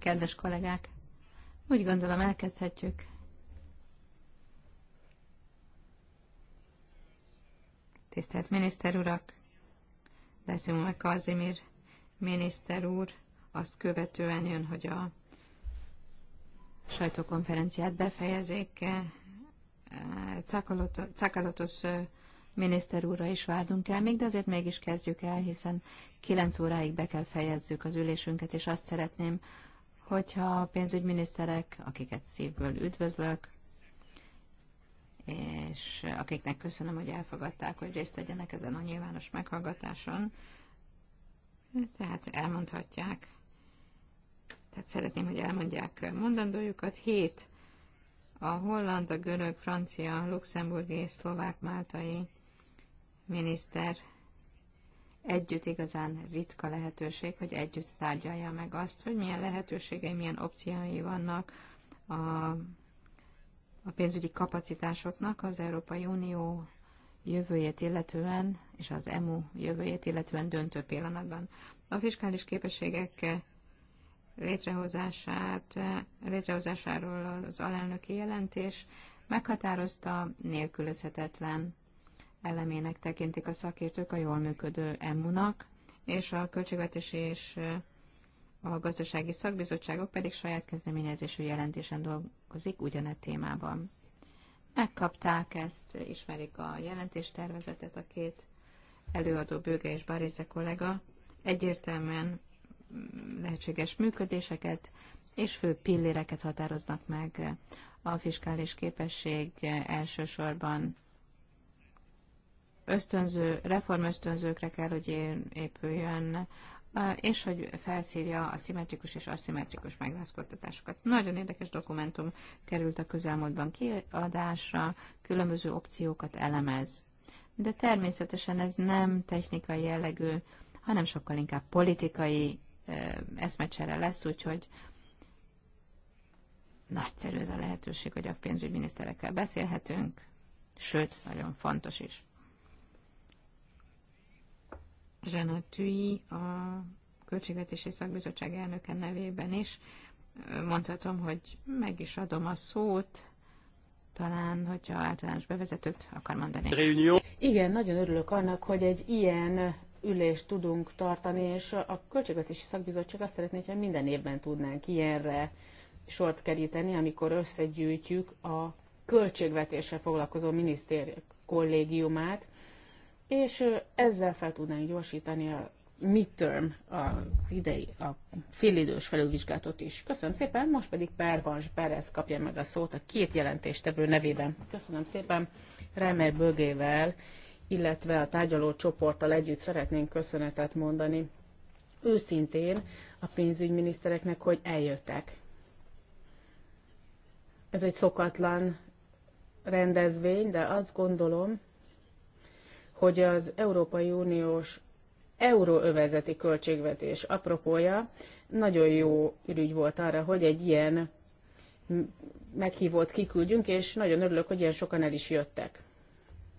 Kedves kollégák, úgy gondolom elkezdhetjük. Tisztelt miniszter urak, leszünk Kazimir miniszter úr, azt követően jön, hogy a sajtókonferenciát befejezik. Eh, Cakalotos eh, miniszter úrra is várnunk kell még, de azért mégis kezdjük el, hiszen kilenc óráig be kell fejezzük az ülésünket, és azt szeretném, hogyha a pénzügyminiszterek, akiket szívből üdvözlök, és akiknek köszönöm, hogy elfogadták, hogy részt vegyenek ezen a nyilvános meghallgatáson, tehát elmondhatják. Tehát szeretném, hogy elmondják mondandójukat. Hét a holland, a görög, francia, luxemburgi, szlovák, máltai, miniszter együtt igazán ritka lehetőség, hogy együtt tárgyalja meg azt, hogy milyen lehetőségei, milyen opciói vannak a, a pénzügyi kapacitásoknak az Európai Unió jövőjét illetően, és az EMU jövőjét illetően döntő pillanatban. A fiskális képességek létrehozását, létrehozásáról az alelnöki jelentés meghatározta nélkülözhetetlen elemének tekintik a szakértők a jól működő EMU-nak, és a költségvetési és a gazdasági szakbizottságok pedig saját kezdeményezésű jelentésen dolgozik ugyane témában. Megkapták ezt, ismerik a jelentéstervezetet a két előadó Bőge és Barize kollega. Egyértelműen mm, lehetséges működéseket és fő pilléreket határoznak meg a fiskális képesség elsősorban ösztönző, reformösztönzőkre kell, hogy épüljön, és hogy felszívja a szimmetrikus és aszimmetrikus megrázkodtatásokat. Nagyon érdekes dokumentum került a közelmúltban kiadásra, különböző opciókat elemez. De természetesen ez nem technikai jellegű, hanem sokkal inkább politikai eszmecsere lesz, úgyhogy nagyszerű ez a lehetőség, hogy a pénzügyminiszterekkel beszélhetünk, sőt, nagyon fontos is. Zsena a Költségvetési Szakbizottság elnöke nevében is. Mondhatom, hogy meg is adom a szót, talán, hogyha általános bevezetőt akar mondani. Réunió. Igen, nagyon örülök annak, hogy egy ilyen ülést tudunk tartani, és a Költségvetési Szakbizottság azt szeretné, hogyha minden évben tudnánk ilyenre sort keríteni, amikor összegyűjtjük a költségvetéssel foglalkozó minisztérium kollégiumát, és ezzel fel tudnánk gyorsítani a midterm, az idei, a félidős felülvizsgátot is. Köszönöm szépen, most pedig Pervans Perez kapja meg a szót a két jelentéstevő nevében. Köszönöm szépen, Remer Bögével, illetve a tárgyaló csoporttal együtt szeretnénk köszönetet mondani őszintén a pénzügyminisztereknek, hogy eljöttek. Ez egy szokatlan rendezvény, de azt gondolom, hogy az Európai Uniós euróövezeti költségvetés apropója nagyon jó ürügy volt arra, hogy egy ilyen meghívót kiküldjünk, és nagyon örülök, hogy ilyen sokan el is jöttek.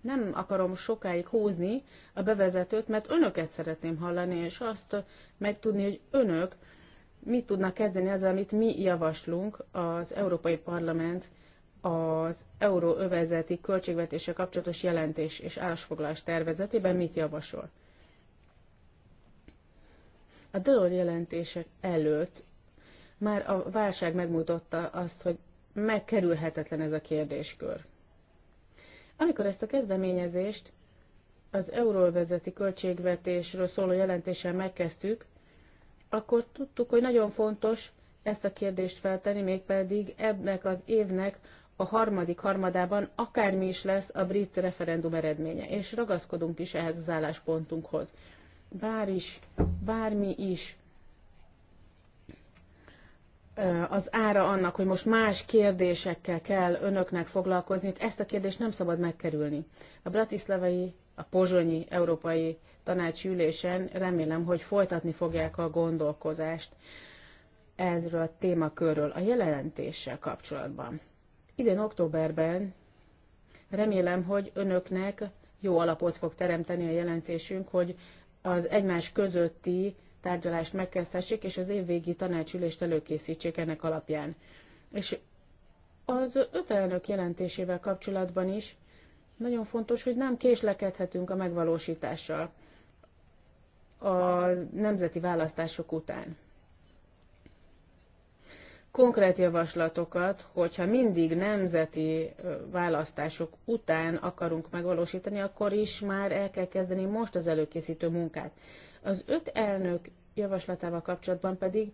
Nem akarom sokáig húzni a bevezetőt, mert önöket szeretném hallani, és azt megtudni, hogy önök mit tudnak kezdeni ezzel, amit mi javaslunk az Európai Parlament az euróövezeti költségvetése kapcsolatos jelentés és állásfoglalás tervezetében mit javasol. A dolog jelentések előtt már a válság megmutatta azt, hogy megkerülhetetlen ez a kérdéskör. Amikor ezt a kezdeményezést az euróvezeti költségvetésről szóló jelentéssel megkezdtük, akkor tudtuk, hogy nagyon fontos ezt a kérdést feltenni, mégpedig ennek az évnek a harmadik harmadában akármi is lesz a brit referendum eredménye, és ragaszkodunk is ehhez az álláspontunkhoz. Bár is, bármi is az ára annak, hogy most más kérdésekkel kell önöknek foglalkozni, ezt a kérdést nem szabad megkerülni. A bratislavai, a pozsonyi európai tanácsülésen remélem, hogy folytatni fogják a gondolkozást erről a témakörről a jelentéssel kapcsolatban. Idén októberben remélem, hogy önöknek jó alapot fog teremteni a jelentésünk, hogy az egymás közötti tárgyalást megkezdhessék, és az évvégi tanácsülést előkészítsék ennek alapján. És az öt elnök jelentésével kapcsolatban is nagyon fontos, hogy nem késlekedhetünk a megvalósítással a nemzeti választások után konkrét javaslatokat, hogyha mindig nemzeti választások után akarunk megvalósítani, akkor is már el kell kezdeni most az előkészítő munkát. Az öt elnök javaslatával kapcsolatban pedig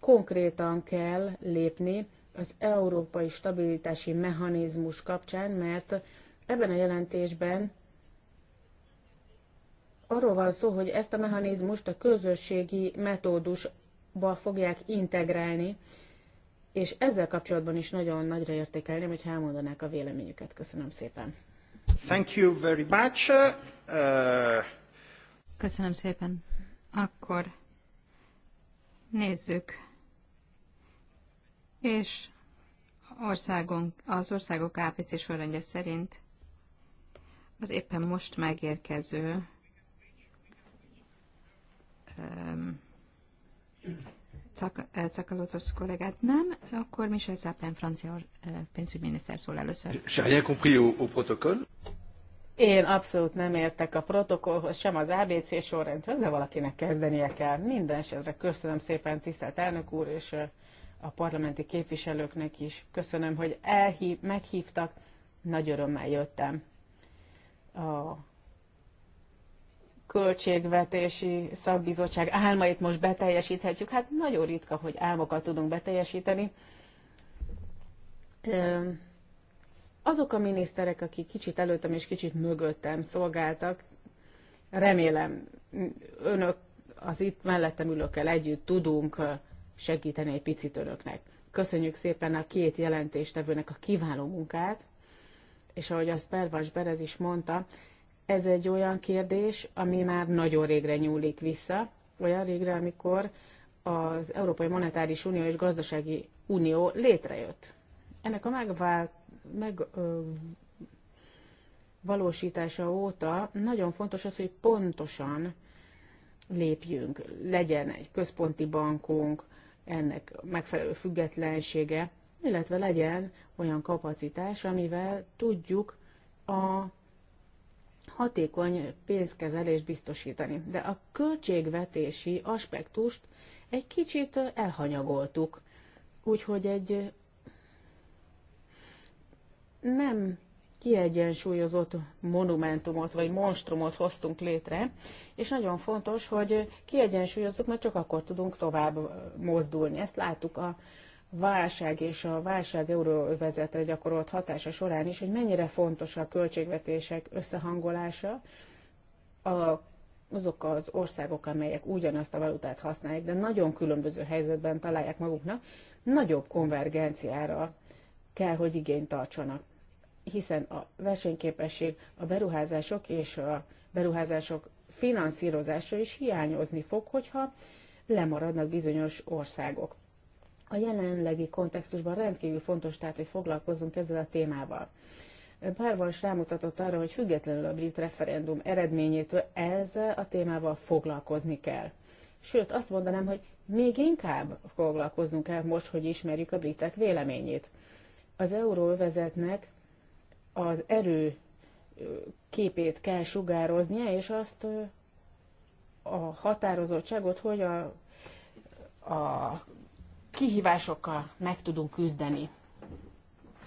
konkrétan kell lépni az európai stabilitási mechanizmus kapcsán, mert ebben a jelentésben arról van szó, hogy ezt a mechanizmust a közösségi metódusba fogják integrálni, és ezzel kapcsolatban is nagyon nagyra értékelném, hogy elmondanák a véleményüket. Köszönöm szépen. Thank you very much. Uh... Köszönöm szépen. Akkor nézzük. És országon, az országok APC sorrendje szerint az éppen most megérkező um, Eh, Cakalotos kollégát nem, akkor Michel Sapin, francia eh, pénzügyminiszter szól először. Rien compris au protocole? Én abszolút nem értek a protokollhoz, sem az ABC sorrendhez, de valakinek kezdenie kell. Minden esetre köszönöm szépen, tisztelt elnök úr, és eh, a parlamenti képviselőknek is. Köszönöm, hogy elhív, meghívtak, nagy örömmel jöttem. A költségvetési szakbizottság álmait most beteljesíthetjük. Hát nagyon ritka, hogy álmokat tudunk beteljesíteni. Azok a miniszterek, akik kicsit előttem és kicsit mögöttem szolgáltak, remélem önök az itt mellettem ülőkkel együtt tudunk segíteni egy picit önöknek. Köszönjük szépen a két jelentéstevőnek a kiváló munkát, és ahogy azt Pervas Berez is mondta, ez egy olyan kérdés, ami már nagyon régre nyúlik vissza, olyan régre, amikor az Európai Monetáris Unió és Gazdasági Unió létrejött. Ennek a megvalósítása meg, óta nagyon fontos az, hogy pontosan lépjünk, legyen egy központi bankunk, ennek megfelelő függetlensége, illetve legyen olyan kapacitás, amivel tudjuk a hatékony pénzkezelést biztosítani. De a költségvetési aspektust egy kicsit elhanyagoltuk. Úgyhogy egy nem kiegyensúlyozott monumentumot vagy monstrumot hoztunk létre, és nagyon fontos, hogy kiegyensúlyozzuk, mert csak akkor tudunk tovább mozdulni. Ezt láttuk a válság és a válság euróövezetre gyakorolt hatása során is, hogy mennyire fontos a költségvetések összehangolása a, azok az országok, amelyek ugyanazt a valutát használják, de nagyon különböző helyzetben találják maguknak, nagyobb konvergenciára kell, hogy igényt tartsanak. Hiszen a versenyképesség, a beruházások és a beruházások finanszírozása is hiányozni fog, hogyha lemaradnak bizonyos országok. A jelenlegi kontextusban rendkívül fontos tehát, hogy foglalkozzunk ezzel a témával. Bárval is rámutatott arra, hogy függetlenül a brit referendum eredményétől ezzel a témával foglalkozni kell. Sőt, azt mondanám, hogy még inkább foglalkoznunk kell most, hogy ismerjük a britek véleményét. Az euróvezetnek az erő képét kell sugároznia, és azt a határozottságot, hogy a, a kihívásokkal meg tudunk küzdeni.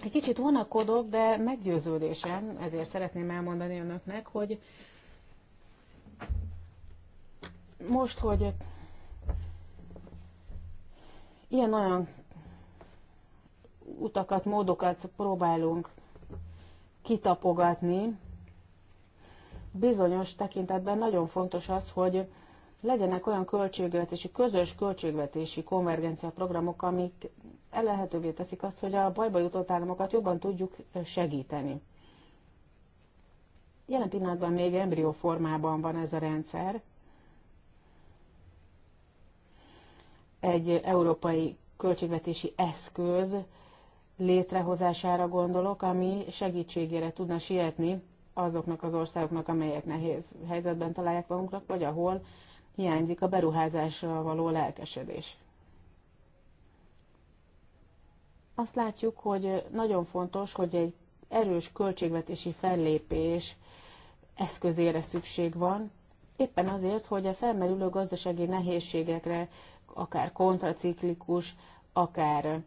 Egy kicsit vonakodok, de meggyőződésem, ezért szeretném elmondani önöknek, hogy most, hogy ilyen-olyan utakat, módokat próbálunk kitapogatni, bizonyos tekintetben nagyon fontos az, hogy legyenek olyan költségvetési, közös költségvetési konvergencia programok, amik lehetővé teszik azt, hogy a bajba jutott államokat jobban tudjuk segíteni. Jelen pillanatban még embrió formában van ez a rendszer. Egy európai költségvetési eszköz létrehozására gondolok, ami segítségére tudna sietni azoknak az országoknak, amelyek nehéz helyzetben találják magunknak, vagy ahol hiányzik a beruházásra való lelkesedés. Azt látjuk, hogy nagyon fontos, hogy egy erős költségvetési fellépés eszközére szükség van, éppen azért, hogy a felmerülő gazdasági nehézségekre, akár kontraciklikus, akár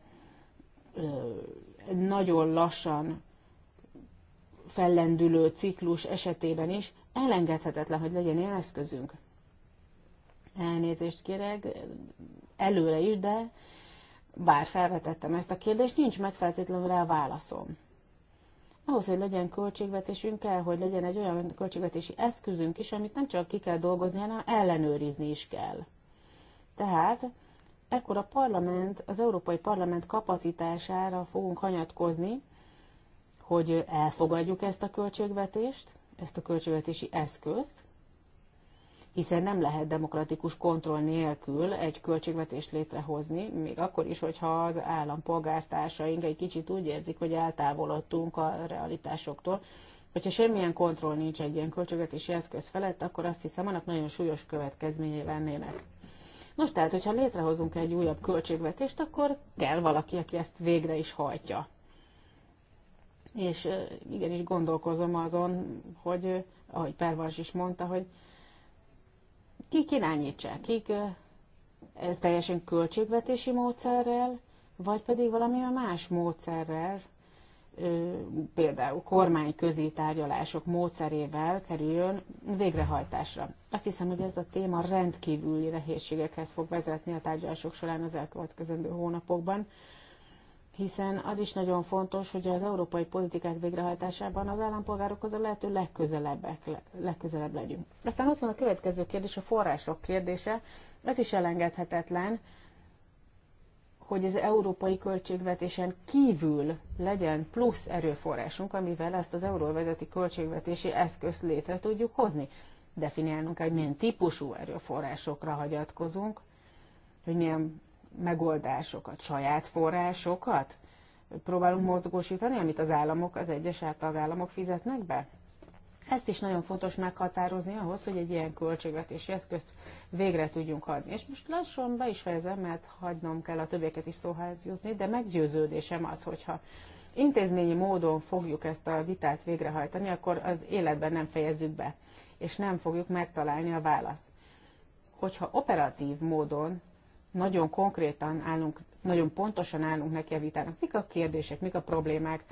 ö, nagyon lassan fellendülő ciklus esetében is elengedhetetlen, hogy legyen ilyen eszközünk elnézést kérek előre is, de bár felvetettem ezt a kérdést, nincs megfeltétlenül rá válaszom. Ahhoz, hogy legyen költségvetésünk, kell, hogy legyen egy olyan költségvetési eszközünk is, amit nem csak ki kell dolgozni, hanem ellenőrizni is kell. Tehát ekkor a parlament, az Európai Parlament kapacitására fogunk hanyatkozni, hogy elfogadjuk ezt a költségvetést, ezt a költségvetési eszközt, hiszen nem lehet demokratikus kontroll nélkül egy költségvetést létrehozni, még akkor is, hogyha az állampolgártársaink egy kicsit úgy érzik, hogy eltávolodtunk a realitásoktól. Hogyha semmilyen kontroll nincs egy ilyen költségvetési eszköz felett, akkor azt hiszem, annak nagyon súlyos következményei lennének. Nos, tehát, hogyha létrehozunk egy újabb költségvetést, akkor kell valaki, aki ezt végre is hajtja. És igenis gondolkozom azon, hogy, ahogy Pervas is mondta, hogy kik irányítsák, kik ez teljesen költségvetési módszerrel, vagy pedig valami más módszerrel, például kormányközi tárgyalások módszerével kerüljön végrehajtásra. Azt hiszem, hogy ez a téma rendkívüli nehézségekhez fog vezetni a tárgyalások során az elkövetkezendő hónapokban, hiszen az is nagyon fontos, hogy az európai politikák végrehajtásában az állampolgárokhoz a lehető legközelebbek, legközelebb legyünk. Aztán ott van a következő kérdés, a források kérdése. Ez is elengedhetetlen, hogy az európai költségvetésen kívül legyen plusz erőforrásunk, amivel ezt az euróvezeti költségvetési eszközt létre tudjuk hozni. Definiálnunk kell, hogy milyen típusú erőforrásokra hagyatkozunk, hogy milyen megoldásokat, saját forrásokat próbálunk mozgósítani, amit az államok, az egyes államok fizetnek be? Ezt is nagyon fontos meghatározni ahhoz, hogy egy ilyen költségvetési eszközt végre tudjunk adni. És most lassan be is fejezem, mert hagynom kell a többieket is szóhoz jutni, de meggyőződésem az, hogyha intézményi módon fogjuk ezt a vitát végrehajtani, akkor az életben nem fejezzük be, és nem fogjuk megtalálni a választ. Hogyha operatív módon nagyon konkrétan állunk, nagyon pontosan állunk neki a vitának. Mik a kérdések, mik a problémák,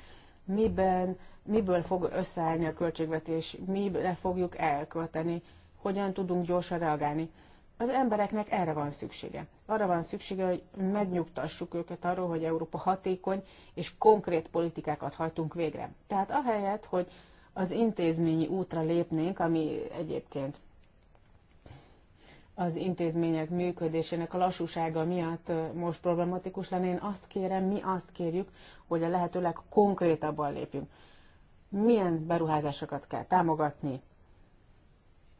miben, miből fog összeállni a költségvetés, mire fogjuk elkölteni, hogyan tudunk gyorsan reagálni. Az embereknek erre van szüksége. Arra van szüksége, hogy megnyugtassuk őket arról, hogy Európa hatékony és konkrét politikákat hajtunk végre. Tehát ahelyett, hogy az intézményi útra lépnénk, ami egyébként az intézmények működésének a lassúsága miatt most problematikus lenne. Én azt kérem, mi azt kérjük, hogy a lehető legkonkrétabban lépjünk. Milyen beruházásokat kell támogatni?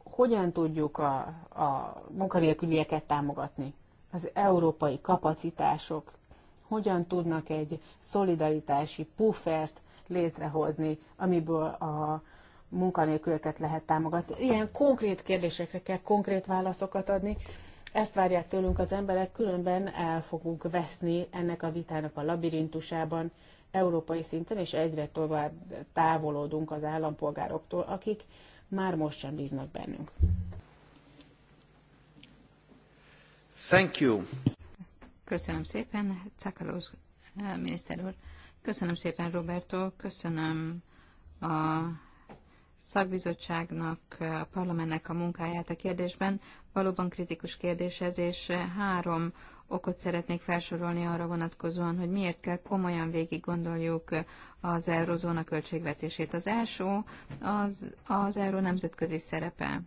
Hogyan tudjuk a, a munkanélkülieket támogatni? Az európai kapacitások hogyan tudnak egy szolidaritási puffert létrehozni, amiből a munkanélkülöket lehet támogatni. Ilyen konkrét kérdésekre kell konkrét válaszokat adni. Ezt várják tőlünk az emberek, különben el fogunk veszni ennek a vitának a labirintusában, európai szinten, és egyre tovább távolodunk az állampolgároktól, akik már most sem bíznak bennünk. Thank you. Köszönöm szépen, Cakalóz eh, miniszter úr. Köszönöm szépen, Roberto. Köszönöm a szakbizottságnak, a parlamentnek a munkáját a kérdésben. Valóban kritikus kérdés ez, és három okot szeretnék felsorolni arra vonatkozóan, hogy miért kell komolyan végig gondoljuk az eurozóna költségvetését. Az első az, az euró nemzetközi szerepe.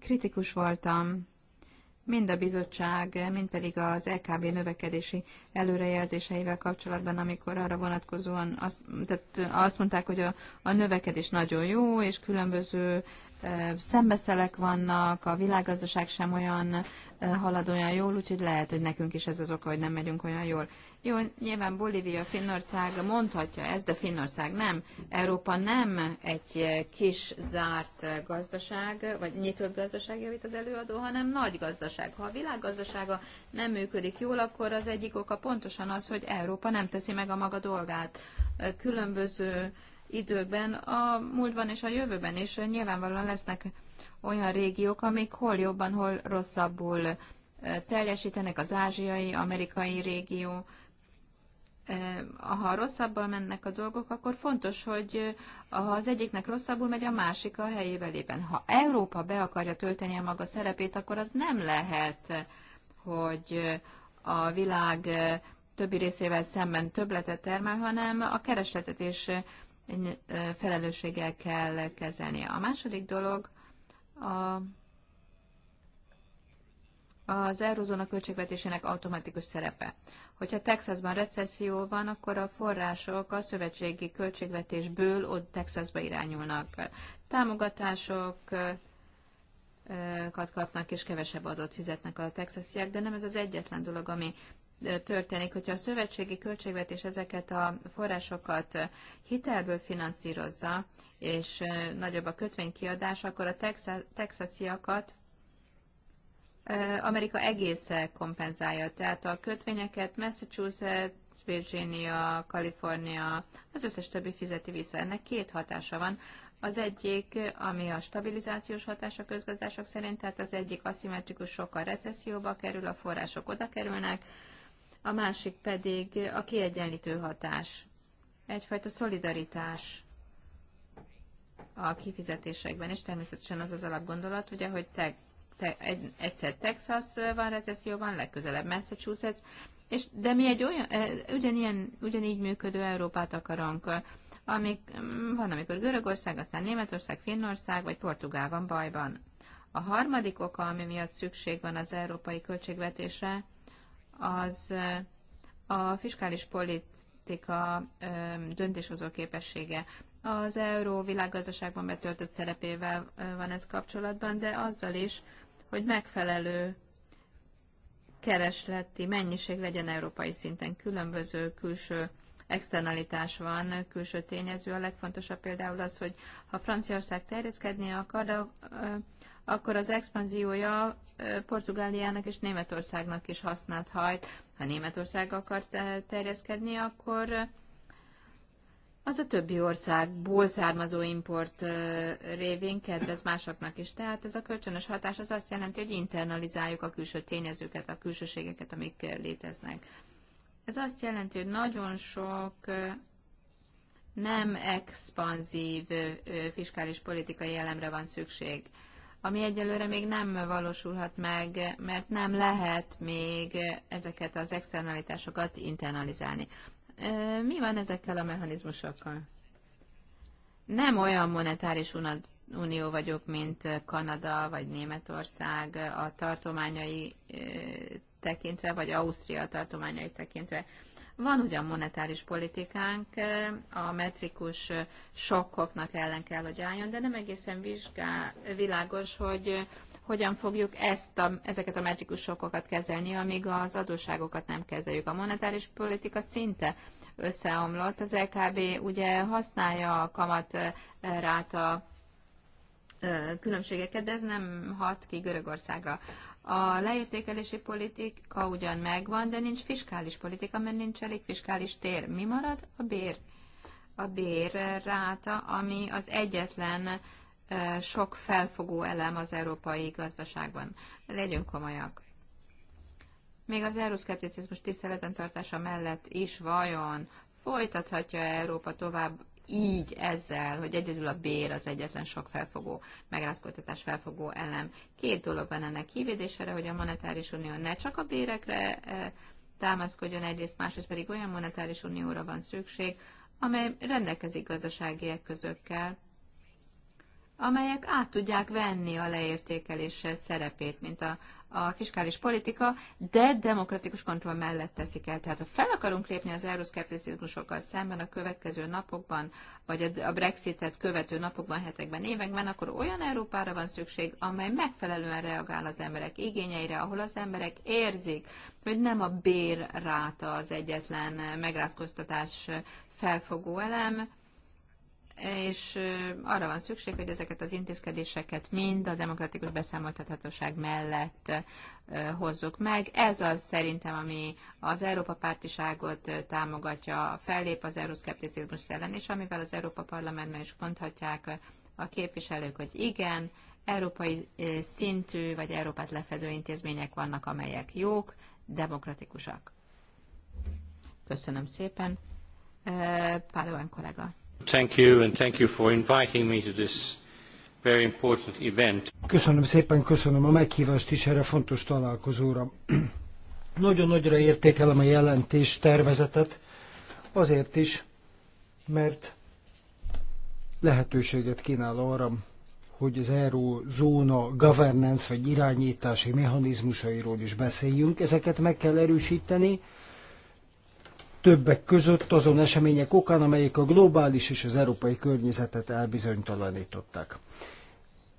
Kritikus voltam mind a bizottság, mind pedig az LKB növekedési előrejelzéseivel kapcsolatban, amikor arra vonatkozóan azt, tehát azt mondták, hogy a, a növekedés nagyon jó, és különböző szembeszelek vannak, a világgazdaság sem olyan halad olyan jól, úgyhogy lehet, hogy nekünk is ez az oka, hogy nem megyünk olyan jól. Jó, nyilván Bolívia, Finnország mondhatja ezt, de Finnország nem. Európa nem egy kis zárt gazdaság, vagy nyitott gazdaság, javít az előadó, hanem nagy gazdaság. Ha a világgazdasága nem működik jól, akkor az egyik oka pontosan az, hogy Európa nem teszi meg a maga dolgát. Különböző időben, a múltban és a jövőben is nyilvánvalóan lesznek olyan régiók, amik hol jobban, hol rosszabbul teljesítenek az ázsiai, amerikai régió. Ha rosszabbal mennek a dolgok, akkor fontos, hogy ha az egyiknek rosszabbul megy, a másik a helyével éppen. Ha Európa be akarja tölteni a maga szerepét, akkor az nem lehet, hogy a világ többi részével szemben többletet termel, hanem a keresletet és felelősséggel kell kezelnie. A második dolog a, az eurozóna költségvetésének automatikus szerepe. Hogyha Texasban recesszió van, akkor a források a szövetségi költségvetésből ott Texasba irányulnak. Támogatások, kapnak, és kevesebb adót fizetnek a texasiak de nem ez az egyetlen dolog, ami történik, hogyha a szövetségi költségvetés ezeket a forrásokat hitelből finanszírozza, és nagyobb a kötvénykiadás, akkor a texasziakat Amerika egészen kompenzálja. Tehát a kötvényeket Massachusetts, Virginia, Kalifornia, az összes többi fizeti vissza. Ennek két hatása van. Az egyik, ami a stabilizációs hatás a közgazdások szerint, tehát az egyik aszimmetrikus sokkal recesszióba kerül, a források oda kerülnek, a másik pedig a kiegyenlítő hatás, egyfajta szolidaritás a kifizetésekben, és természetesen az az alapgondolat, ugye, hogy te, te, egy, egyszer Texas van recesszióban, legközelebb Massachusetts, és, de mi egy olyan, eh, ugyanilyen, ugyanígy működő Európát akarunk, eh, amik, mm, van, amikor Görögország, aztán Németország, Finnország vagy Portugál van bajban. A harmadik oka, ami miatt szükség van az európai költségvetésre, az a fiskális politika döntéshozó képessége. Az euró világgazdaságban betöltött szerepével van ez kapcsolatban, de azzal is, hogy megfelelő keresleti mennyiség legyen európai szinten különböző külső externalitás van, külső tényező. A legfontosabb például az, hogy ha Franciaország terjeszkedni akar, de, akkor az expanziója Portugáliának és Németországnak is használt hajt. Ha Németország akar terjeszkedni, akkor az a többi országból származó import révén kedvez másoknak is. Tehát ez a kölcsönös hatás az azt jelenti, hogy internalizáljuk a külső tényezőket, a külsőségeket, amik léteznek. Ez azt jelenti, hogy nagyon sok nem expanzív fiskális politikai elemre van szükség, ami egyelőre még nem valósulhat meg, mert nem lehet még ezeket az externalitásokat internalizálni. Mi van ezekkel a mechanizmusokkal? Nem olyan monetáris unió vagyok, mint Kanada vagy Németország a tartományai tekintve, vagy Ausztria tartományait tekintve. Van ugyan monetáris politikánk, a metrikus sokkoknak ellen kell, hogy álljon, de nem egészen vizsgál, világos, hogy hogyan fogjuk ezt a, ezeket a metrikus sokkokat kezelni, amíg az adósságokat nem kezeljük. A monetáris politika szinte összeomlott. Az LKB ugye használja a kamat ráta különbségeket, de ez nem hat ki Görögországra. A leértékelési politika ugyan megvan, de nincs fiskális politika, mert nincs elég fiskális tér. Mi marad? A bér. A bérráta, ami az egyetlen sok felfogó elem az európai gazdaságban. Legyünk komolyak. Még az euroszkepticizmus tiszteletben tartása mellett is vajon folytathatja Európa tovább így ezzel, hogy egyedül a bér az egyetlen sok felfogó, megrázkodtatás felfogó elem. Két dolog van ennek kivédésére, hogy a monetáris unió ne csak a bérekre eh, támaszkodjon egyrészt, másrészt pedig olyan monetáris unióra van szükség, amely rendelkezik gazdasági eszközökkel, amelyek át tudják venni a leértékelés szerepét, mint a, a fiskális politika, de demokratikus kontroll mellett teszik el. Tehát ha fel akarunk lépni az euroszkepticizmusokkal szemben a következő napokban, vagy a Brexitet követő napokban, hetekben, években, akkor olyan Európára van szükség, amely megfelelően reagál az emberek igényeire, ahol az emberek érzik, hogy nem a bérráta az egyetlen megrázkoztatás felfogó elem, és arra van szükség, hogy ezeket az intézkedéseket mind a demokratikus beszámoltathatóság mellett hozzuk meg. Ez az szerintem, ami az Európa pártiságot támogatja, fellép az euroszkepticizmus ellen, és amivel az Európa Parlamentben is mondhatják a képviselők, hogy igen, európai szintű vagy Európát lefedő intézmények vannak, amelyek jók, demokratikusak. Köszönöm szépen. Pálován kollega. Köszönöm szépen, köszönöm a meghívást is erre fontos találkozóra. Nagyon nagyra értékelem a jelentés tervezetet, azért is, mert lehetőséget kínál arra, hogy az eurozóna governance vagy irányítási mechanizmusairól is beszéljünk. Ezeket meg kell erősíteni, többek között azon események okán, amelyek a globális és az európai környezetet elbizonytalanították.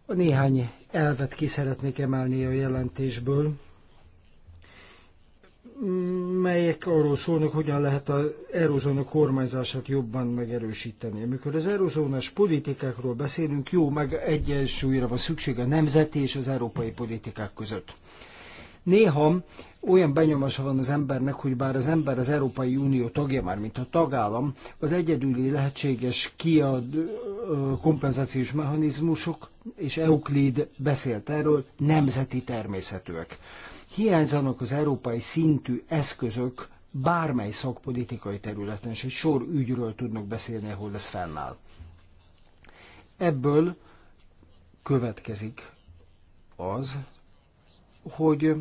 Néhány elvet ki szeretnék emelni a jelentésből, melyek arról szólnak, hogyan lehet az eurozóna kormányzását jobban megerősíteni. Amikor az eurozónás politikákról beszélünk, jó, meg egyensúlyra van szükség a nemzeti és az európai politikák között. Néha olyan benyomása van az embernek, hogy bár az ember az Európai Unió tagja, már mint a tagállam, az egyedüli lehetséges kiad kompenzációs mechanizmusok, és Euclid beszélt erről, nemzeti természetűek. Hiányzanak az európai szintű eszközök bármely szakpolitikai területen, és egy sor ügyről tudnak beszélni, ahol ez fennáll. Ebből következik az, hogy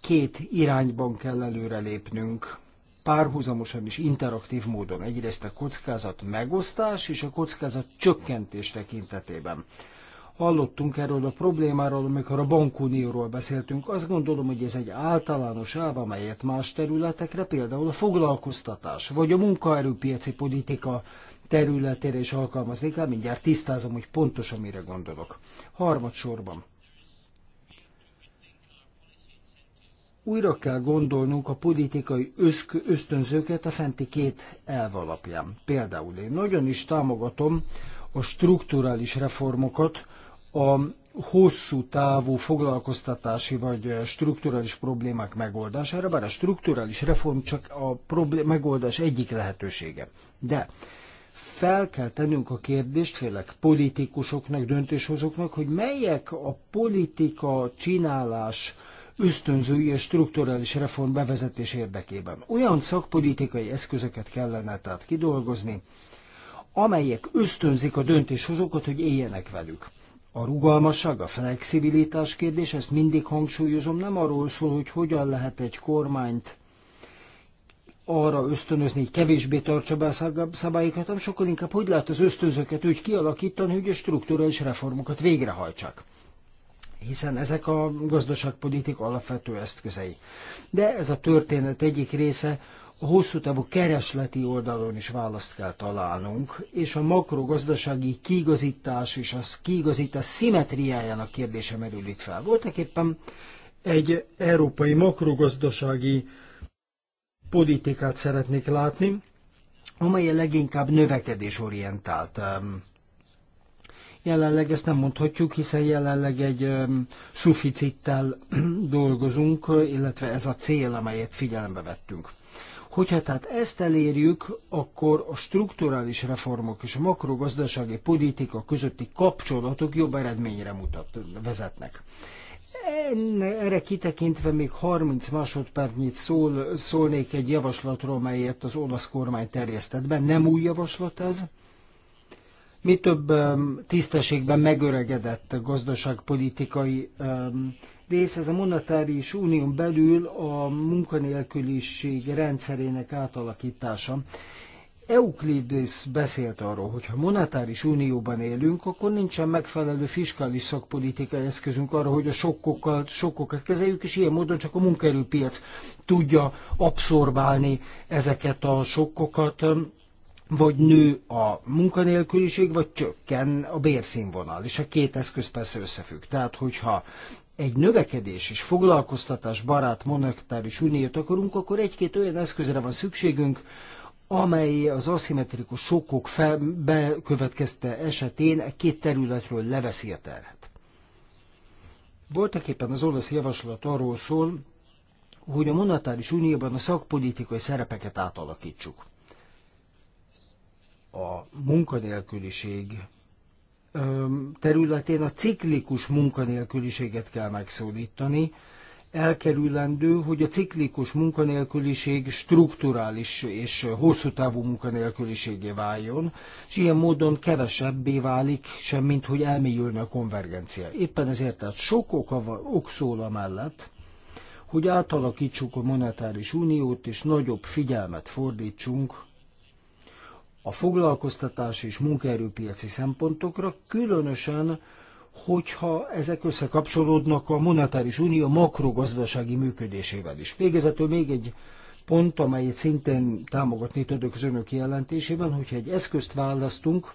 két irányban kell előrelépnünk, párhuzamosan és interaktív módon. Egyrészt a kockázat megosztás és a kockázat csökkentés tekintetében. Hallottunk erről a problémáról, amikor a bankunióról beszéltünk. Azt gondolom, hogy ez egy általános áv, amelyet más területekre, például a foglalkoztatás vagy a munkaerőpiaci politika területére is alkalmazni kell. Mindjárt tisztázom, hogy pontosan mire gondolok. Harmadsorban újra kell gondolnunk a politikai ösztönzőket a fenti két elv alapján. Például én nagyon is támogatom a strukturális reformokat, a hosszú távú foglalkoztatási vagy strukturális problémák megoldására, bár a strukturális reform csak a problém, megoldás egyik lehetősége. De fel kell tennünk a kérdést, félek politikusoknak, döntéshozóknak, hogy melyek a politika csinálás, ösztönzői és strukturális reform bevezetés érdekében. Olyan szakpolitikai eszközöket kellene tehát kidolgozni, amelyek ösztönzik a döntéshozókat, hogy éljenek velük. A rugalmasság, a flexibilitás kérdés, ezt mindig hangsúlyozom, nem arról szól, hogy hogyan lehet egy kormányt arra ösztönözni, hogy kevésbé tartsa be a szabályokat, hanem sokkal inkább hogy lehet az ösztönzőket úgy kialakítani, hogy a strukturális reformokat végrehajtsák hiszen ezek a gazdaságpolitik alapvető eszközei. De ez a történet egyik része, a hosszú távú keresleti oldalon is választ kell találnunk, és a makrogazdasági kiigazítás és a kiigazítás szimetriájának kérdése merül itt fel. Voltak éppen egy európai makrogazdasági politikát szeretnék látni, amely a leginkább növekedésorientált orientált. Jelenleg ezt nem mondhatjuk, hiszen jelenleg egy um, szuficittel dolgozunk, illetve ez a cél, amelyet figyelembe vettünk. Hogyha tehát ezt elérjük, akkor a strukturális reformok és a makrogazdasági politika közötti kapcsolatok jobb eredményre mutat, vezetnek. Erre kitekintve még 30 másodpercnyit szól, szólnék egy javaslatról, melyet az olasz kormány terjesztett be. Nem új javaslat ez, mi több tisztességben megöregedett gazdaságpolitikai rész. Ez a monetáris unión belül a munkanélküliség rendszerének átalakítása. Euklides beszélt arról, hogy ha monetáris unióban élünk, akkor nincsen megfelelő fiskális szakpolitikai eszközünk arra, hogy a sokkokat, sokkokat kezeljük, és ilyen módon csak a munkaerőpiac tudja abszorbálni ezeket a sokkokat vagy nő a munkanélküliség, vagy csökken a bérszínvonal, és a két eszköz persze összefügg. Tehát, hogyha egy növekedés és foglalkoztatás barát monetáris uniót akarunk, akkor egy-két olyan eszközre van szükségünk, amely az aszimmetrikus sokok bekövetkezte esetén egy két területről leveszi a terhet. Voltak éppen az olasz javaslat arról szól, hogy a monetáris unióban a szakpolitikai szerepeket átalakítsuk a munkanélküliség területén a ciklikus munkanélküliséget kell megszólítani, elkerülendő, hogy a ciklikus munkanélküliség strukturális és hosszú távú munkanélküliségé váljon, és ilyen módon kevesebbé válik, semmint hogy elmélyülne a konvergencia. Éppen ezért tehát sok oka, ok szól mellett, hogy átalakítsuk a monetáris uniót, és nagyobb figyelmet fordítsunk a foglalkoztatás és munkaerőpiaci szempontokra, különösen, hogyha ezek összekapcsolódnak a monetáris unió makrogazdasági működésével is. Végezetül még egy pont, amelyet szintén támogatni tudok az önök jelentésében, hogyha egy eszközt választunk,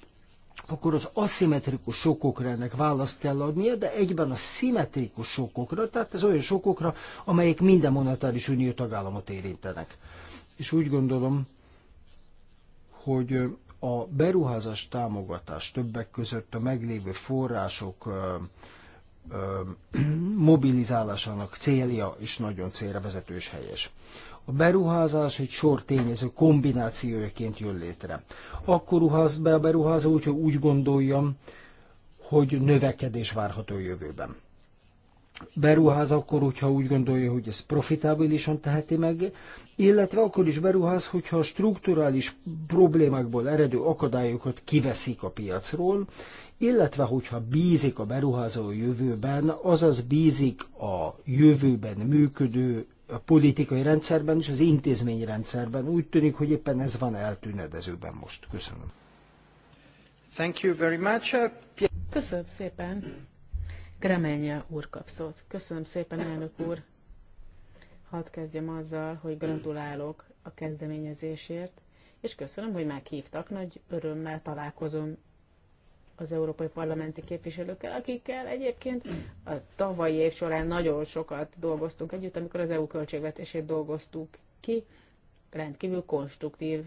akkor az aszimmetrikus sokokra ennek választ kell adnia, de egyben a szimmetrikus sokokra, tehát ez olyan sokokra, amelyek minden monetáris unió tagállamot érintenek. És úgy gondolom, hogy a beruházás támogatás többek között a meglévő források mobilizálásának célja is nagyon célra vezető és helyes. A beruházás egy sor tényező kombinációjaként jön létre. Akkor ruház be a beruházó, hogyha úgy gondoljam, hogy növekedés várható jövőben beruház akkor, hogyha úgy gondolja, hogy ez profitábilisan teheti meg, illetve akkor is beruház, hogyha a strukturális problémákból eredő akadályokat kiveszik a piacról, illetve hogyha bízik a beruházó a jövőben, azaz bízik a jövőben működő politikai rendszerben és az intézményrendszerben. Úgy tűnik, hogy éppen ez van eltűnedezőben most. Köszönöm. Thank you very much. Köszönöm szépen. Greménye úr kap szót. Köszönöm szépen, elnök úr. Hadd kezdjem azzal, hogy gratulálok a kezdeményezésért, és köszönöm, hogy meghívtak. Nagy örömmel találkozom az európai parlamenti képviselőkkel, akikkel egyébként a tavalyi év során nagyon sokat dolgoztunk együtt, amikor az EU költségvetését dolgoztuk ki, rendkívül konstruktív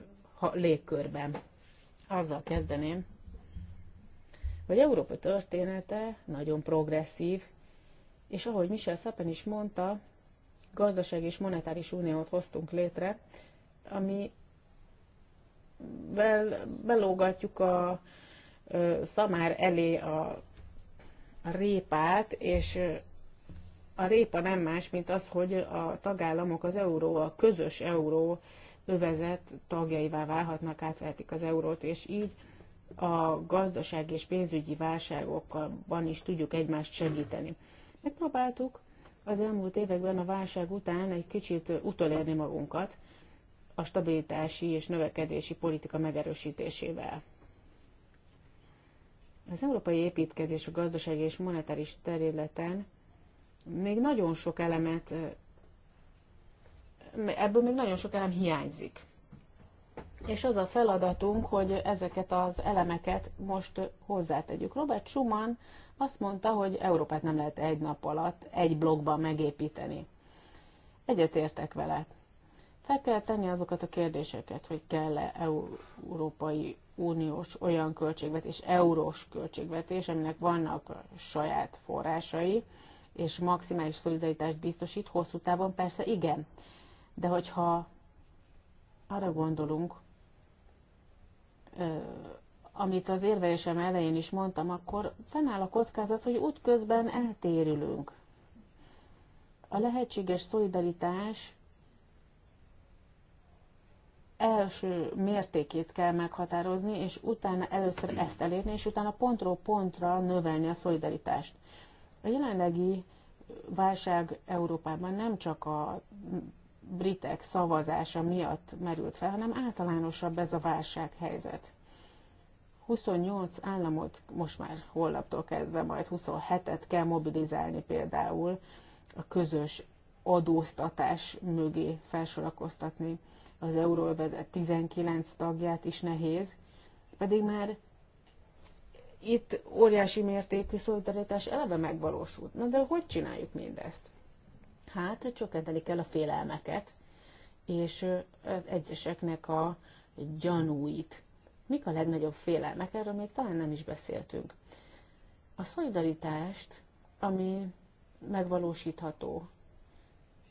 légkörben. Azzal kezdeném, hogy Európa története nagyon progresszív, és ahogy Michel Szapen is mondta, gazdasági és monetáris uniót hoztunk létre, ami bel, belógatjuk a ö, szamár elé a, a répát, és a répa nem más, mint az, hogy a tagállamok az euró, a közös euró övezet tagjaivá válhatnak, átvehetik az eurót, és így a gazdaság és pénzügyi válságokban is tudjuk egymást segíteni. Megpróbáltuk az elmúlt években a válság után egy kicsit utolérni magunkat a stabilitási és növekedési politika megerősítésével. Az európai építkezés a gazdasági és monetáris területen még nagyon sok elemet, ebből még nagyon sok elem hiányzik és az a feladatunk, hogy ezeket az elemeket most hozzátegyük. Robert Schumann azt mondta, hogy Európát nem lehet egy nap alatt egy blokkban megépíteni. Egyetértek vele. Fel kell tenni azokat a kérdéseket, hogy kell-e Európai Uniós olyan költségvetés, eurós költségvetés, aminek vannak saját forrásai, és maximális szolidaritást biztosít, hosszú távon persze igen. De hogyha arra gondolunk, amit az érvelésem elején is mondtam, akkor fennáll a kockázat, hogy útközben eltérülünk. A lehetséges szolidaritás első mértékét kell meghatározni, és utána először ezt elérni, és utána pontról pontra növelni a szolidaritást. A jelenlegi válság Európában nem csak a britek szavazása miatt merült fel, hanem általánosabb ez a válsághelyzet. 28 államot most már holnaptól kezdve, majd 27-et kell mobilizálni például a közös adóztatás mögé felsorakoztatni. Az euróvezet 19 tagját is nehéz, pedig már itt óriási mértékű szolidaritás eleve megvalósult. Na de hogy csináljuk mindezt? hát csökkenteni kell a félelmeket, és az egyeseknek a gyanúit. Mik a legnagyobb félelmek? Erről még talán nem is beszéltünk. A szolidaritást, ami megvalósítható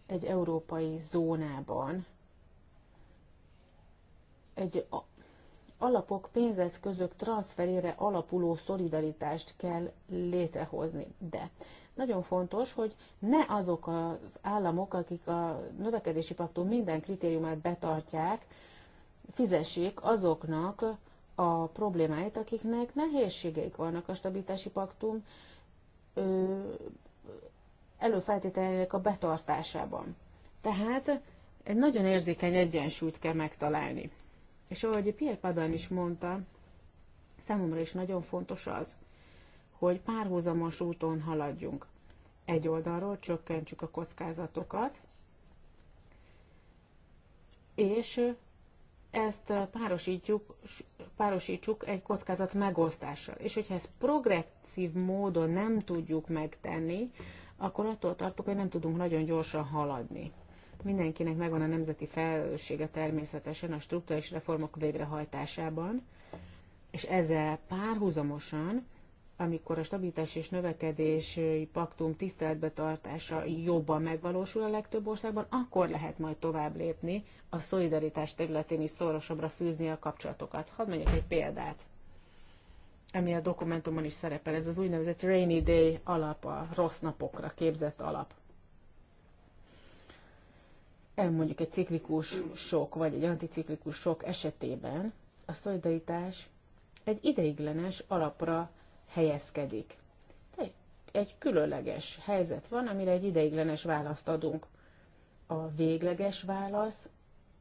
egy európai zónában, egy alapok, pénzeszközök transferére alapuló szolidaritást kell létrehozni. De nagyon fontos, hogy ne azok az államok, akik a növekedési paktum minden kritériumát betartják, fizessék azoknak a problémáit, akiknek nehézségeik vannak a stabilitási paktum előfeltételének a betartásában. Tehát egy nagyon érzékeny egyensúlyt kell megtalálni. És ahogy Pierre Padan is mondta, számomra is nagyon fontos az, hogy párhuzamos úton haladjunk. Egy oldalról csökkentsük a kockázatokat, és ezt párosítjuk, párosítsuk egy kockázat megosztással. És hogyha ezt progresszív módon nem tudjuk megtenni, akkor attól tartok, hogy nem tudunk nagyon gyorsan haladni. Mindenkinek megvan a nemzeti felelőssége természetesen a struktúrális reformok végrehajtásában, és ezzel párhuzamosan, amikor a stabilitás és növekedési paktum tiszteletbe tartása jobban megvalósul a legtöbb országban, akkor lehet majd tovább lépni, a szolidaritás területén is szorosabbra fűzni a kapcsolatokat. Hadd mondjak egy példát ami a dokumentumon is szerepel, ez az úgynevezett rainy day alap, a rossz napokra képzett alap mondjuk egy ciklikus sok, vagy egy anticiklikus sok esetében a szolidaritás egy ideiglenes alapra helyezkedik. Egy, egy különleges helyzet van, amire egy ideiglenes választ adunk. A végleges válasz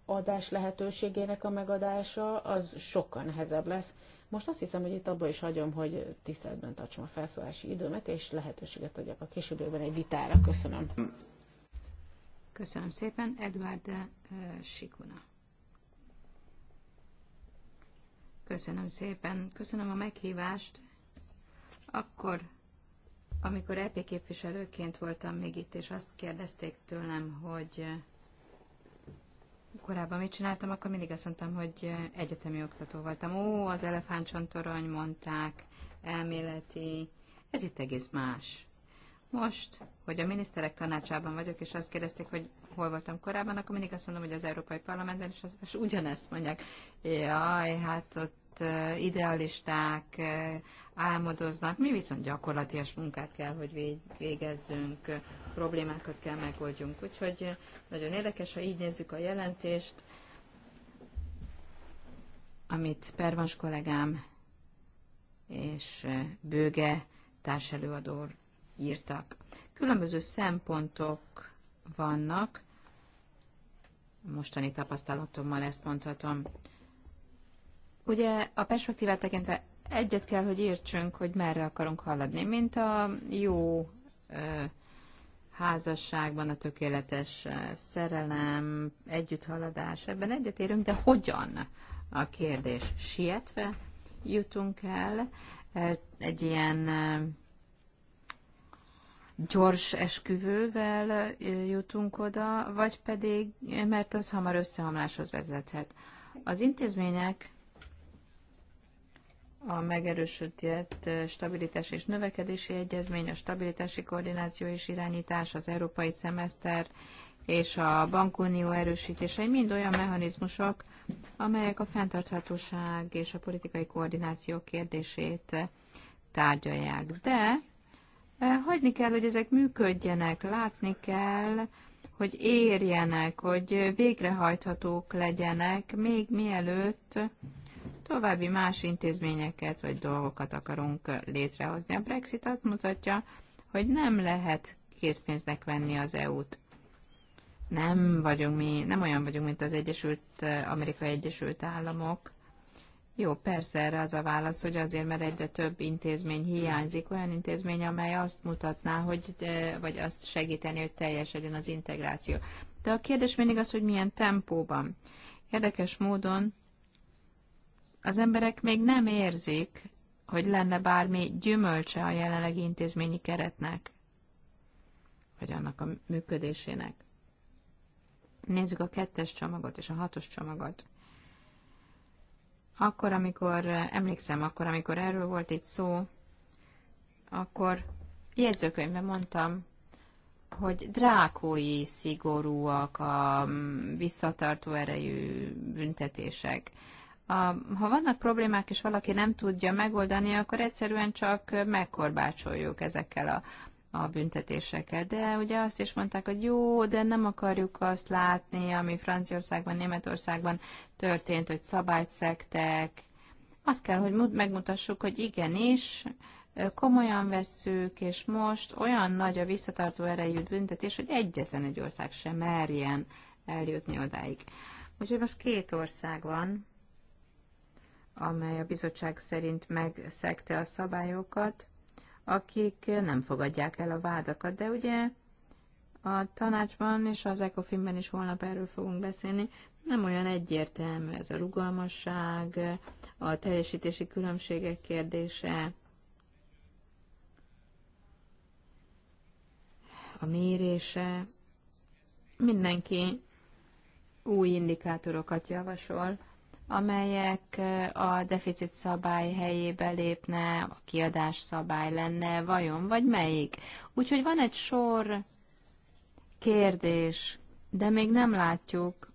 adás lehetőségének a megadása az sokkal nehezebb lesz. Most azt hiszem, hogy itt abba is hagyom, hogy tiszteletben tartsam a felszólási időmet, és lehetőséget adjak a későbbiekben egy vitára. Köszönöm. Köszönöm szépen, Edward eh, Sikuna. Köszönöm szépen, köszönöm a meghívást. Akkor, amikor EP képviselőként voltam még itt, és azt kérdezték tőlem, hogy eh, korábban mit csináltam, akkor mindig azt mondtam, hogy eh, egyetemi oktató voltam. Ó, az elefántcsontorony mondták, elméleti, ez itt egész más. Most, hogy a miniszterek tanácsában vagyok, és azt kérdezték, hogy hol voltam korábban, akkor mindig azt mondom, hogy az Európai Parlamentben, és, az, és ugyanezt mondják. Jaj, hát ott idealisták álmodoznak, mi viszont gyakorlatias munkát kell, hogy végezzünk, problémákat kell megoldjunk. Úgyhogy nagyon érdekes, ha így nézzük a jelentést, amit Pervas kollégám és Bőge társelőadó írtak. Különböző szempontok vannak, mostani tapasztalatommal ezt mondhatom. Ugye a perspektívát tekintve egyet kell, hogy értsünk, hogy merre akarunk haladni, mint a jó ö, házasságban a tökéletes szerelem, együtthaladás, ebben egyetérünk, de hogyan a kérdés? Sietve jutunk el egy ilyen gyors esküvővel jutunk oda, vagy pedig, mert az hamar összeomláshoz vezethet. Az intézmények a megerősödött stabilitás és növekedési egyezmény, a stabilitási koordináció és irányítás, az európai szemeszter és a bankunió erősítései mind olyan mechanizmusok, amelyek a fenntarthatóság és a politikai koordináció kérdését tárgyalják. De Hagyni kell, hogy ezek működjenek, látni kell, hogy érjenek, hogy végrehajthatók legyenek, még mielőtt további más intézményeket vagy dolgokat akarunk létrehozni. A Brexit azt mutatja, hogy nem lehet készpénznek venni az EU-t. Nem vagyunk mi, nem olyan vagyunk, mint az Egyesült, Amerikai Egyesült Államok, jó, persze erre az a válasz, hogy azért, mert egyre több intézmény hiányzik, olyan intézmény, amely azt mutatná, hogy, vagy azt segíteni, hogy teljesedjen az integráció. De a kérdés mindig az, hogy milyen tempóban. Érdekes módon az emberek még nem érzik, hogy lenne bármi gyümölcse a jelenlegi intézményi keretnek, vagy annak a működésének. Nézzük a kettes csomagot és a hatos csomagot. Akkor, amikor eh, emlékszem, akkor, amikor erről volt itt szó, akkor jegyzőkönyvben mondtam, hogy drákói szigorúak a mm, visszatartó erejű büntetések. A, ha vannak problémák, és valaki nem tudja megoldani, akkor egyszerűen csak megkorbácsoljuk ezekkel a a büntetésekkel. De ugye azt is mondták, hogy jó, de nem akarjuk azt látni, ami Franciaországban, Németországban történt, hogy szabályt szektek. Azt kell, hogy megmutassuk, hogy igenis, komolyan vesszük, és most olyan nagy a visszatartó erejű büntetés, hogy egyetlen egy ország sem merjen eljutni odáig. Úgyhogy most két ország van, amely a bizottság szerint megszegte a szabályokat, akik nem fogadják el a vádakat. De ugye a tanácsban és az ECOFIN-ben is holnap erről fogunk beszélni, nem olyan egyértelmű ez a rugalmasság, a teljesítési különbségek kérdése, a mérése. Mindenki új indikátorokat javasol, amelyek a deficit szabály helyébe lépne, a kiadás szabály lenne, vajon, vagy melyik. Úgyhogy van egy sor kérdés, de még nem látjuk,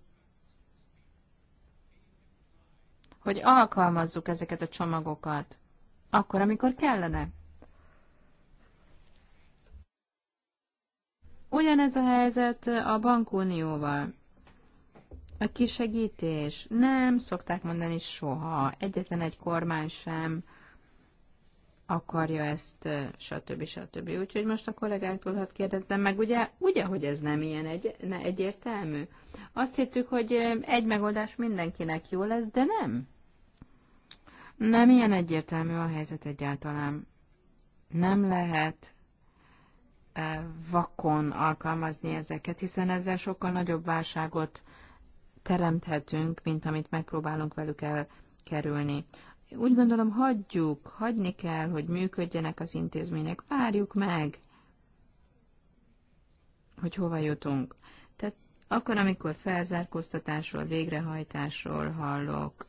hogy alkalmazzuk ezeket a csomagokat, akkor, amikor kellene. Ugyanez a helyzet a bankunióval. A kisegítés? Nem, szokták mondani soha. Egyetlen egy kormány sem akarja ezt, stb. stb. Úgyhogy most a kollégáktól hadd kérdezzem meg, ugye, ugye, hogy ez nem ilyen egy, ne, egyértelmű? Azt hittük, hogy egy megoldás mindenkinek jó lesz, de nem. Nem ilyen egyértelmű a helyzet egyáltalán. Nem lehet vakon alkalmazni ezeket, hiszen ezzel sokkal nagyobb válságot teremthetünk, mint amit megpróbálunk velük elkerülni. Úgy gondolom, hagyjuk, hagyni kell, hogy működjenek az intézmények, várjuk meg, hogy hova jutunk. Tehát akkor, amikor felzárkóztatásról, végrehajtásról hallok,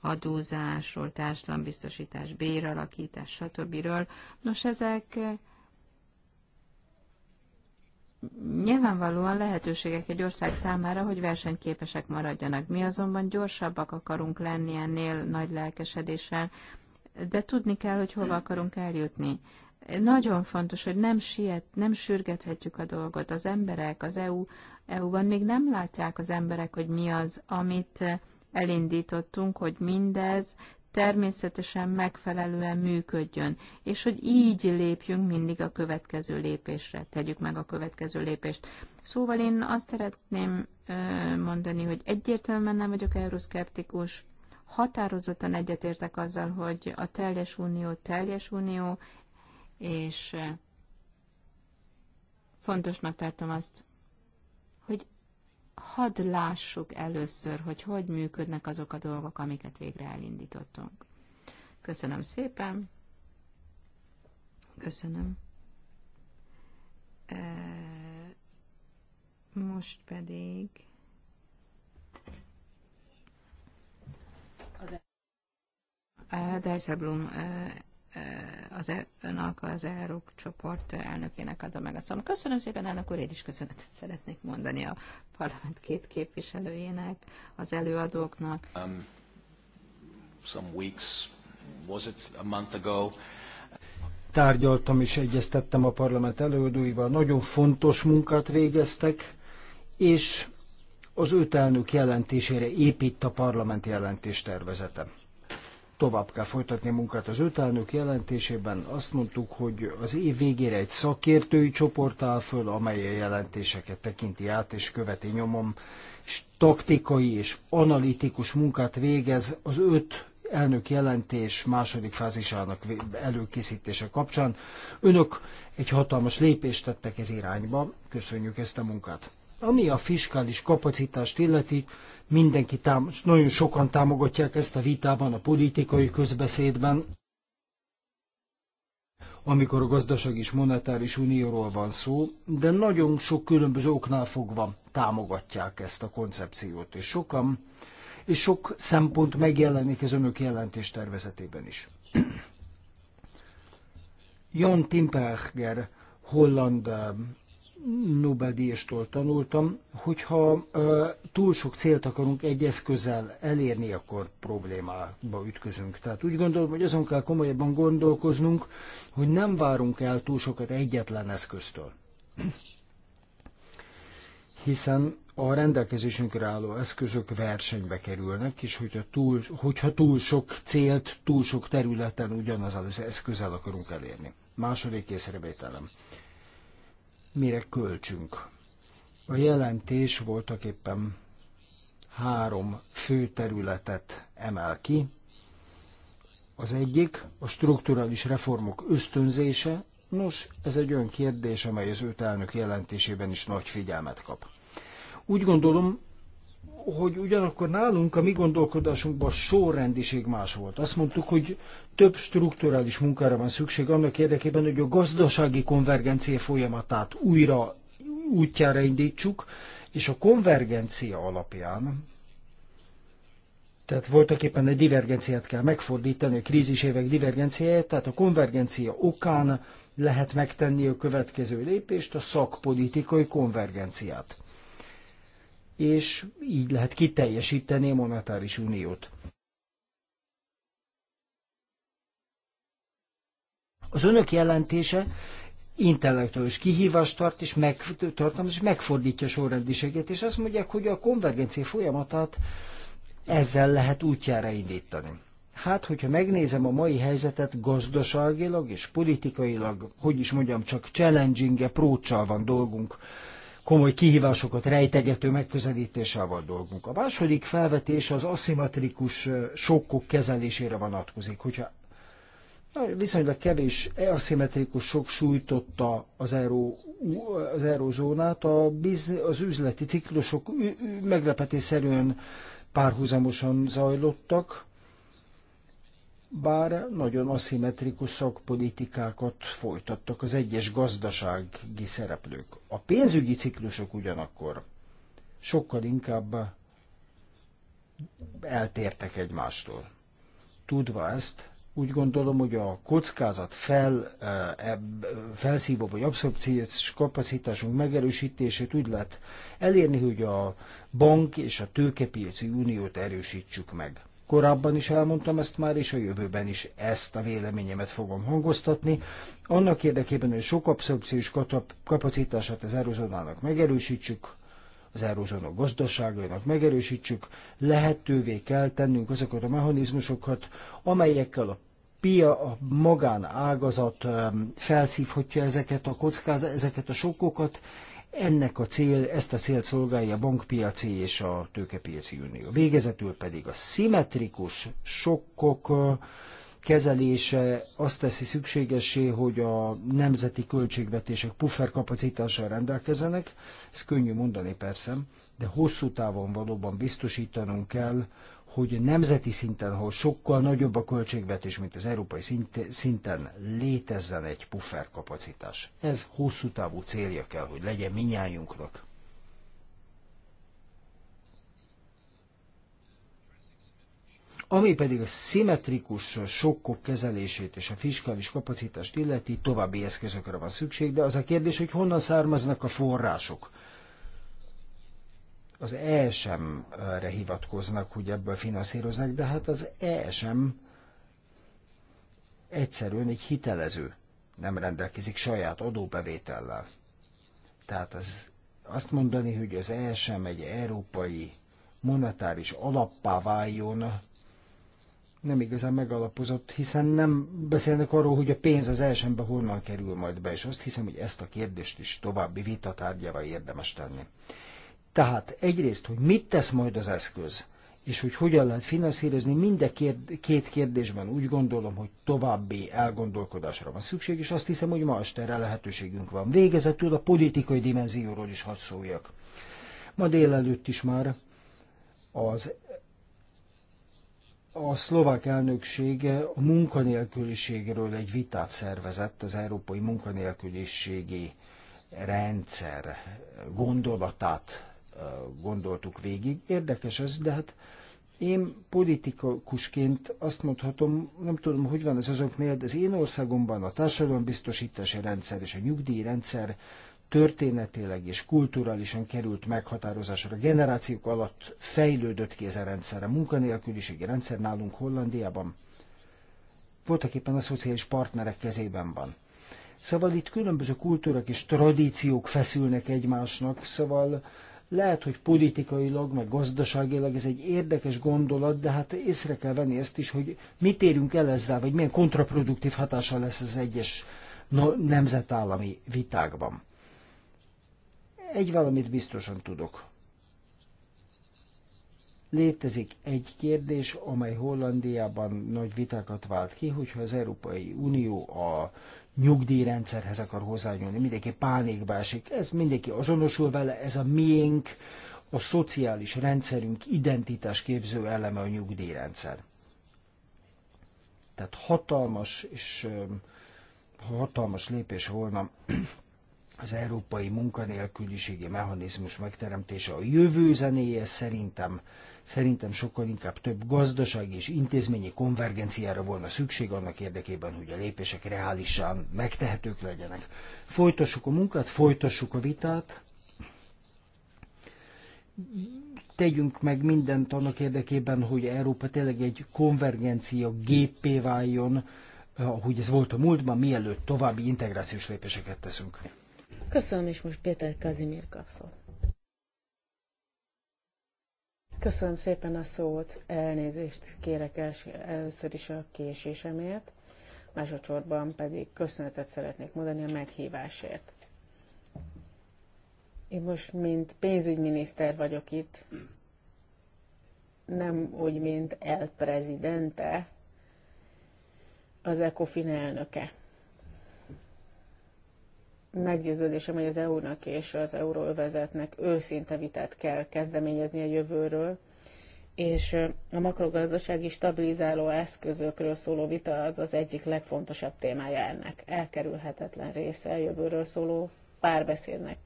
adózásról, társadalombiztosítás, béralakítás, stb. Nos, ezek Nyilvánvalóan lehetőségek egy ország számára, hogy versenyképesek maradjanak. Mi azonban gyorsabbak akarunk lenni ennél nagy lelkesedéssel, de tudni kell, hogy hova akarunk eljutni. Nagyon fontos, hogy nem siet, nem sürgethetjük a dolgot. Az emberek, az EU, EU-ban még nem látják az emberek, hogy mi az, amit elindítottunk, hogy mindez természetesen megfelelően működjön, és hogy így lépjünk mindig a következő lépésre, tegyük meg a következő lépést. Szóval én azt szeretném mondani, hogy egyértelműen nem vagyok euroszkeptikus, határozottan egyetértek azzal, hogy a teljes unió teljes unió, és fontosnak tartom azt, hadd lássuk először, hogy hogy működnek azok a dolgok, amiket végre elindítottunk. Köszönöm szépen. Köszönöm. E, most pedig... Dijsselbloem e, Eh, az, önök, e az ERUK csoport elnökének adom meg a szót. Köszönöm szépen, elnök úr, én is köszönetet szeretnék mondani a parlament két képviselőjének, az előadóknak. Um, some weeks, was it a month ago? Tárgyaltam és egyeztettem a parlament előadóival, nagyon fontos munkát végeztek, és az öt elnök jelentésére épít a parlament jelentéstervezete tovább kell folytatni a munkát. Az öt elnök jelentésében azt mondtuk, hogy az év végére egy szakértői csoport áll föl, amely a jelentéseket tekinti át és követi nyomom, és taktikai és analitikus munkát végez az öt elnök jelentés második fázisának előkészítése kapcsán. Önök egy hatalmas lépést tettek ez irányba, köszönjük ezt a munkát. Ami a fiskális kapacitást illeti, mindenki tám- nagyon sokan támogatják ezt a vitában, a politikai közbeszédben, amikor a gazdaság és monetáris unióról van szó, de nagyon sok különböző oknál fogva támogatják ezt a koncepciót, és sokan, és sok szempont megjelenik az önök jelentés tervezetében is. Jan Timperger, holland Nobel-díjastól tanultam, hogyha ö, túl sok célt akarunk egy eszközzel elérni, akkor problémába ütközünk. Tehát úgy gondolom, hogy azon kell komolyabban gondolkoznunk, hogy nem várunk el túl sokat egyetlen eszköztől. Hiszen a rendelkezésünkre álló eszközök versenybe kerülnek, és hogyha túl, hogyha túl sok célt, túl sok területen ugyanaz az eszközzel akarunk elérni. Második észrevételem mire költsünk. A jelentés voltak éppen három fő területet emel ki. Az egyik a strukturális reformok ösztönzése, nos, ez egy olyan kérdés, amely az őt elnök jelentésében is nagy figyelmet kap. Úgy gondolom, hogy ugyanakkor nálunk a mi gondolkodásunkban sorrendiség más volt. Azt mondtuk, hogy több strukturális munkára van szükség annak érdekében, hogy a gazdasági konvergencia folyamatát újra útjára indítsuk, és a konvergencia alapján, tehát voltak éppen egy divergenciát kell megfordítani, a krízis évek divergenciáját, tehát a konvergencia okán lehet megtenni a következő lépést, a szakpolitikai konvergenciát és így lehet kiteljesíteni a monetáris uniót. Az önök jelentése intellektuális kihívást tart, és, meg, és megfordítja a sorrendiséget, és azt mondják, hogy a konvergencia folyamatát ezzel lehet útjára indítani. Hát, hogyha megnézem a mai helyzetet gazdaságilag és politikailag, hogy is mondjam, csak challenging approach van dolgunk komoly kihívásokat rejtegető megközelítéssel van dolgunk. A második felvetés az aszimmetrikus sokkok kezelésére vonatkozik. Hogyha viszonylag kevés aszimmetrikus sok sújtotta az, euró, az eurózónát, a biz, az üzleti ciklusok meglepetésszerűen párhuzamosan zajlottak, bár nagyon aszimmetrikusok szakpolitikákat folytattak az egyes gazdasági szereplők. A pénzügyi ciklusok ugyanakkor sokkal inkább eltértek egymástól. Tudva ezt, úgy gondolom, hogy a kockázat fel, felszívó vagy abszorpciós kapacitásunk megerősítését úgy lehet elérni, hogy a bank és a tőkepiaci uniót erősítsük meg korábban is elmondtam ezt már, és a jövőben is ezt a véleményemet fogom hangoztatni. Annak érdekében, hogy sok abszorpciós kapacitását az eurozónának megerősítsük, az eurozóna gazdaságainak megerősítsük, lehetővé kell tennünk azokat a mechanizmusokat, amelyekkel a pia, a magánágazat felszívhatja ezeket a kockázat, ezeket a sokokat, ennek a cél, ezt a célt szolgálja a bankpiaci és a tőkepiaci unió. Végezetül pedig a szimmetrikus sokkok kezelése azt teszi szükségessé, hogy a nemzeti költségvetések pufferkapacitással rendelkezenek. Ez könnyű mondani persze, de hosszú távon valóban biztosítanunk kell, hogy nemzeti szinten, ahol sokkal nagyobb a költségvetés, mint az európai szinten, létezzen egy pufferkapacitás. Ez hosszú távú célja kell, hogy legyen minnyájunknak. Ami pedig a szimmetrikus sokkok kezelését és a fiskális kapacitást illeti, további eszközökre van szükség, de az a kérdés, hogy honnan származnak a források az ESM-re hivatkoznak, hogy ebből finanszíroznak, de hát az ESM egyszerűen egy hitelező, nem rendelkezik saját adóbevétellel. Tehát az, azt mondani, hogy az ESM egy európai monetáris alappá váljon, nem igazán megalapozott, hiszen nem beszélnek arról, hogy a pénz az elsőmbe honnan kerül majd be, és azt hiszem, hogy ezt a kérdést is további vitatárgyával érdemes tenni. Tehát egyrészt, hogy mit tesz majd az eszköz, és hogy hogyan lehet finanszírozni, mind a két kérdésben úgy gondolom, hogy további elgondolkodásra van szükség, és azt hiszem, hogy ma este erre lehetőségünk van. Végezetül a politikai dimenzióról is hadd szóljak. Ma délelőtt is már az a szlovák elnökség a munkanélküliségről egy vitát szervezett, az európai munkanélküliségi rendszer gondolatát gondoltuk végig. Érdekes ez, de hát én politikusként azt mondhatom, nem tudom, hogy van ez azoknél, de az én országomban a társadalombiztosítási rendszer és a nyugdíjrendszer történetileg és kulturálisan került meghatározásra. Generációk alatt fejlődött ki ez a rendszer. A munkanélküliségi rendszer nálunk Hollandiában voltak éppen a szociális partnerek kezében van. Szóval itt különböző kultúrák és tradíciók feszülnek egymásnak, szóval lehet, hogy politikailag, meg gazdaságilag ez egy érdekes gondolat, de hát észre kell venni ezt is, hogy mit érünk el ezzel, vagy milyen kontraproduktív hatása lesz az egyes nemzetállami vitákban. Egy valamit biztosan tudok. Létezik egy kérdés, amely Hollandiában nagy vitákat vált ki, hogyha az Európai Unió a nyugdíjrendszerhez akar hozzányúlni, mindenki pánikba esik, ez mindenki azonosul vele, ez a miénk, a szociális rendszerünk identitás képző eleme a nyugdíjrendszer. Tehát hatalmas és hatalmas lépés volna az európai munkanélküliségi mechanizmus megteremtése a jövő zenéje szerintem, szerintem sokkal inkább több gazdasági és intézményi konvergenciára volna szükség annak érdekében, hogy a lépések reálisan megtehetők legyenek. Folytassuk a munkát, folytassuk a vitát, tegyünk meg mindent annak érdekében, hogy Európa tényleg egy konvergencia gépé váljon, ahogy ez volt a múltban, mielőtt további integrációs lépéseket teszünk. Köszönöm, és most Péter Kazimír kapszol. Köszönöm szépen a szót, elnézést kérek els, először is a késésemért, másodszorban pedig köszönetet szeretnék mondani a meghívásért. Én most, mint pénzügyminiszter vagyok itt, nem úgy, mint elprezidente, az ECOFIN elnöke meggyőződésem, hogy az EU-nak és az euróvezetnek őszinte vitát kell kezdeményezni a jövőről, és a makrogazdasági stabilizáló eszközökről szóló vita az az egyik legfontosabb témája ennek. Elkerülhetetlen része a jövőről szóló párbeszédnek.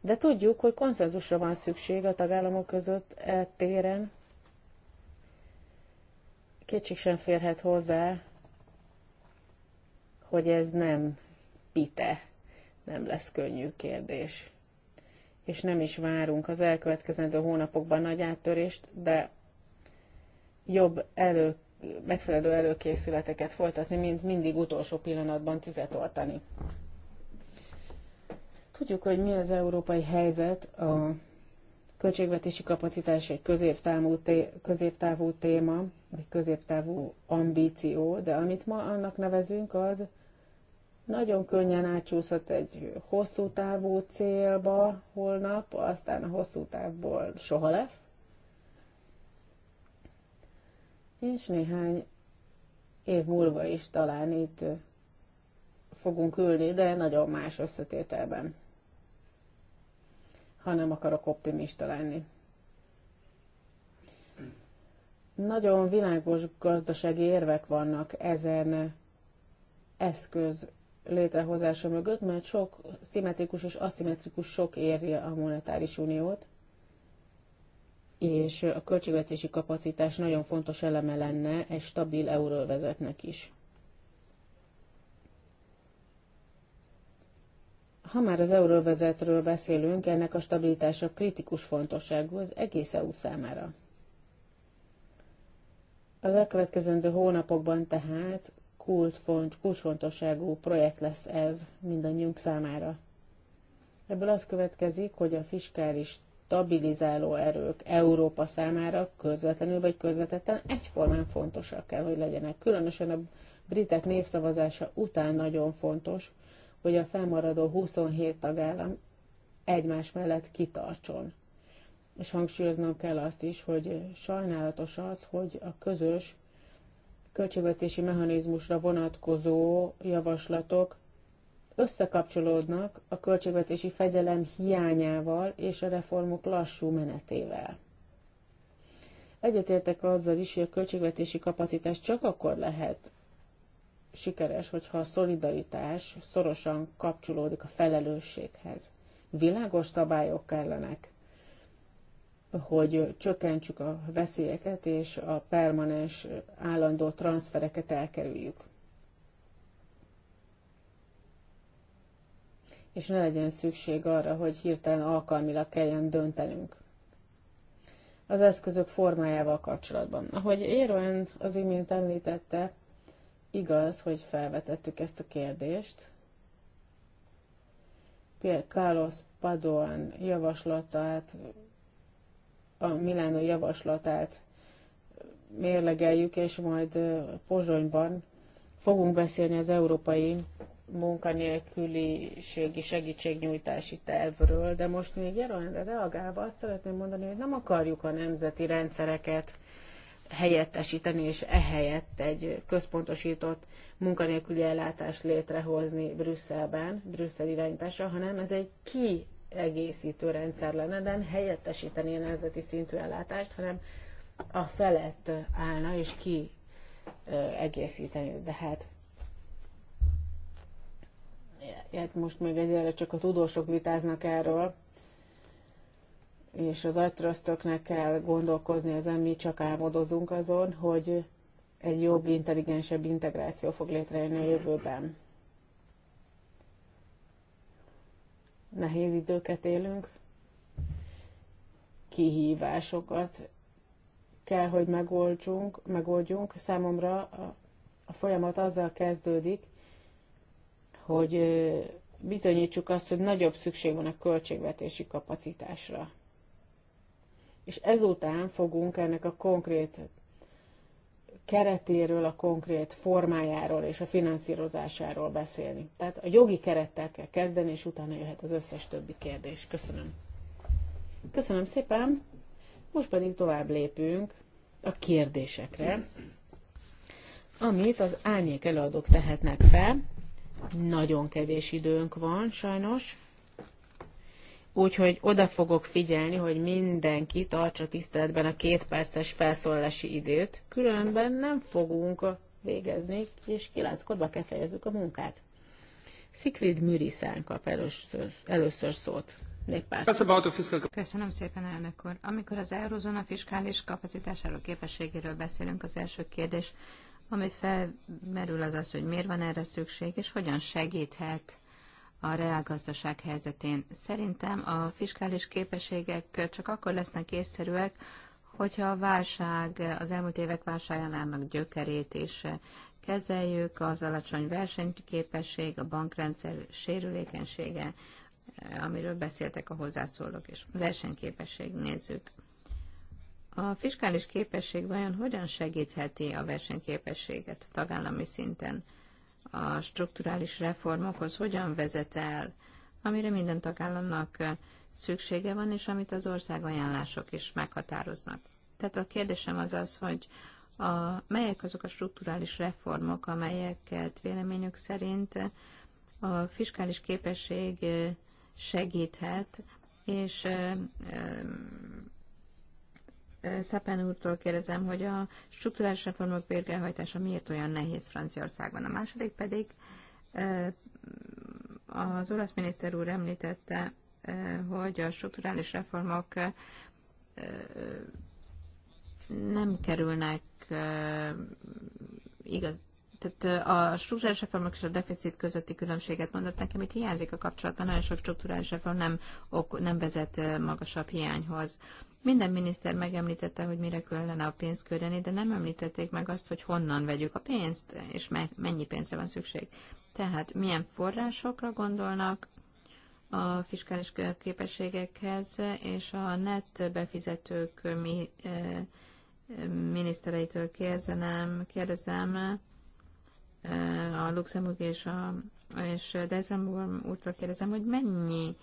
De tudjuk, hogy konszenzusra van szükség a tagállamok között e téren. Kétség sem férhet hozzá, hogy ez nem pite nem lesz könnyű kérdés. És nem is várunk az elkövetkezendő hónapokban nagy áttörést, de jobb elő, megfelelő előkészületeket folytatni, mint mindig utolsó pillanatban tüzet oltani. Tudjuk, hogy mi az európai helyzet, a költségvetési kapacitás egy középtávú, té- középtávú téma, vagy középtávú ambíció, de amit ma annak nevezünk, az nagyon könnyen átsúszhat egy hosszú távú célba holnap, aztán a hosszú távból soha lesz. És néhány év múlva is talán itt fogunk ülni, de nagyon más összetételben. Ha nem akarok optimista lenni. Nagyon világos gazdasági érvek vannak ezen eszköz létrehozása mögött, mert sok szimmetrikus és aszimmetrikus sok érje a monetáris uniót, és a költségvetési kapacitás nagyon fontos eleme lenne egy stabil euróvezetnek is. Ha már az euróvezetről beszélünk, ennek a stabilitása kritikus fontosságú az egész EU számára. Az elkövetkezendő hónapokban tehát kulcsfont, kulcsfontosságú projekt lesz ez mindannyiunk számára. Ebből az következik, hogy a fiskális stabilizáló erők Európa számára közvetlenül vagy közvetetten egyformán fontosak kell, hogy legyenek. Különösen a britek népszavazása után nagyon fontos, hogy a felmaradó 27 tagállam egymás mellett kitartson. És hangsúlyoznom kell azt is, hogy sajnálatos az, hogy a közös költségvetési mechanizmusra vonatkozó javaslatok összekapcsolódnak a költségvetési fegyelem hiányával és a reformok lassú menetével. Egyetértek azzal is, hogy a költségvetési kapacitás csak akkor lehet sikeres, hogyha a szolidaritás szorosan kapcsolódik a felelősséghez. Világos szabályok kellenek hogy csökkentsük a veszélyeket és a permanens állandó transfereket elkerüljük. És ne legyen szükség arra, hogy hirtelen alkalmilag kelljen döntenünk az eszközök formájával kapcsolatban. Ahogy Éroen az imént említette, igaz, hogy felvetettük ezt a kérdést. Pierre Carlos Padoan javaslatát a Milánó javaslatát mérlegeljük, és majd Pozsonyban fogunk beszélni az európai munkanélküliségi segítségnyújtási tervről, de most még jelenre reagálva azt szeretném mondani, hogy nem akarjuk a nemzeti rendszereket helyettesíteni, és ehelyett egy központosított munkanélküli ellátást létrehozni Brüsszelben, Brüsszel irányítása, hanem ez egy ki kiegészítő rendszer lenne, nem helyettesíteni a nemzeti szintű ellátást, hanem a felett állna és ki egészíteni. De hát, hát most még egyre csak a tudósok vitáznak erről, és az agytröztöknek kell gondolkozni ezen, mi csak álmodozunk azon, hogy egy jobb, intelligensebb integráció fog létrejönni a jövőben. nehéz időket élünk, kihívásokat kell, hogy megoldjunk, megoldjunk. Számomra a folyamat azzal kezdődik, hogy bizonyítsuk azt, hogy nagyobb szükség van a költségvetési kapacitásra. És ezután fogunk ennek a konkrét keretéről, a konkrét formájáról és a finanszírozásáról beszélni. Tehát a jogi kerettel kell kezdeni, és utána jöhet az összes többi kérdés. Köszönöm. Köszönöm szépen. Most pedig tovább lépünk a kérdésekre, amit az árnyék előadók tehetnek fel. Nagyon kevés időnk van, sajnos úgyhogy oda fogok figyelni, hogy mindenki tartsa tiszteletben a két perces felszólalási időt, különben nem fogunk végezni, és kilenckor be kell fejezzük a munkát. Szikrid Műriszán kap először, először szót. Köszönöm szépen, elnök úr. Amikor az eurozóna fiskális kapacitásáról, képességéről beszélünk, az első kérdés, ami felmerül az az, hogy miért van erre szükség, és hogyan segíthet a reálgazdaság helyzetén. Szerintem a fiskális képességek csak akkor lesznek észszerűek, hogyha a válság, az elmúlt évek válságának gyökerét is kezeljük, az alacsony versenyképesség, a bankrendszer sérülékenysége, amiről beszéltek a hozzászólók, és versenyképesség nézzük. A fiskális képesség vajon hogyan segítheti a versenyképességet tagállami szinten? a strukturális reformokhoz hogyan vezet el, amire minden tagállamnak szüksége van, és amit az ország ajánlások is meghatároznak. Tehát a kérdésem az az, hogy a, melyek azok a strukturális reformok, amelyeket véleményük szerint a fiskális képesség segíthet, és Szepen úrtól kérdezem, hogy a strukturális reformok végrehajtása miért olyan nehéz Franciaországban. A második pedig az olasz miniszter úr említette, hogy a strukturális reformok nem kerülnek igaz, tehát a struktúrális reformok és a deficit közötti különbséget mondott nekem, itt hiányzik a kapcsolatban, nagyon sok struktúrális reform nem, ok, nem vezet magasabb hiányhoz. Minden miniszter megemlítette, hogy mire kellene a pénzt küldeni, de nem említették meg azt, hogy honnan vegyük a pénzt, és me- mennyi pénzre van szükség. Tehát milyen forrásokra gondolnak a fiskális képességekhez, és a net befizetők mi, e, minisztereitől kérdezem, kérdezem e, a Luxemburg és a és Dezemburg úrtól kérdezem, hogy mennyi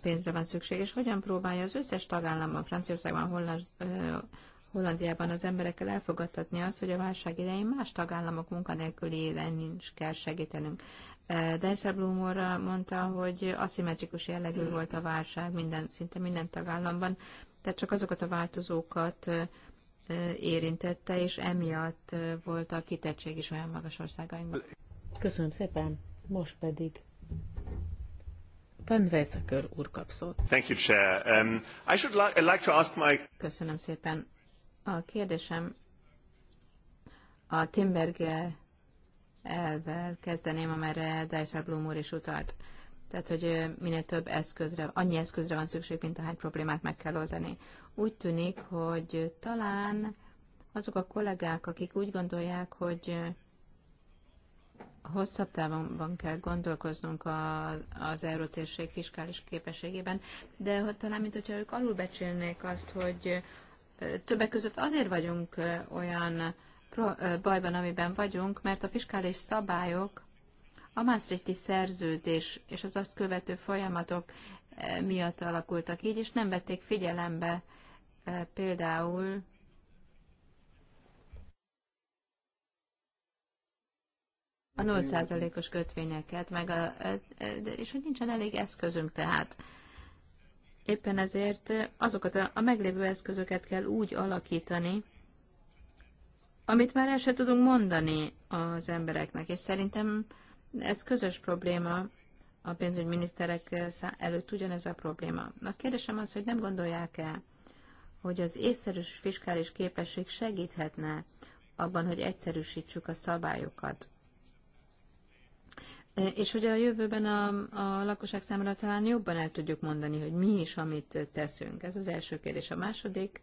pénzre van szükség, és hogyan próbálja az összes tagállamban, Franciaországban, Holland, Hollandiában az emberekkel elfogadtatni azt, hogy a válság idején más tagállamok munkanélküliére nincs kell segítenünk. Dijsselbloem úr mondta, hogy aszimmetrikus jellegű volt a válság minden, szinte minden tagállamban, tehát csak azokat a változókat érintette, és emiatt volt a kitettség is olyan magas országainkban. Köszönöm szépen, most pedig van úr Thank you, Chair. Um, I should li- like to ask my... Köszönöm szépen. A kérdésem a Timberg elvvel kezdeném, amelyre Dijsselbloem úr is utalt. Tehát, hogy minél több eszközre, annyi eszközre van szükség, mint ahány problémát meg kell oldani. Úgy tűnik, hogy talán azok a kollégák, akik úgy gondolják, hogy hosszabb távon kell gondolkoznunk a az eurótérség fiskális képességében, de talán, mint hogyha ők alulbecsülnék azt, hogy többek között azért vagyunk olyan bajban, amiben vagyunk, mert a fiskális szabályok a Maastrichti szerződés és az azt követő folyamatok miatt alakultak így, és nem vették figyelembe például A 0%-os kötvényeket, meg a, és hogy nincsen elég eszközünk tehát. Éppen ezért azokat a, a meglévő eszközöket kell úgy alakítani, amit már el se tudunk mondani az embereknek, és szerintem ez közös probléma, a pénzügyminiszterek előtt ugyanez a probléma. A kérdésem az, hogy nem gondolják-e, hogy az észszerűs fiskális képesség segíthetne abban, hogy egyszerűsítsük a szabályokat. És hogy a jövőben a, a lakosság számára talán jobban el tudjuk mondani, hogy mi is, amit teszünk. Ez az első kérdés. A második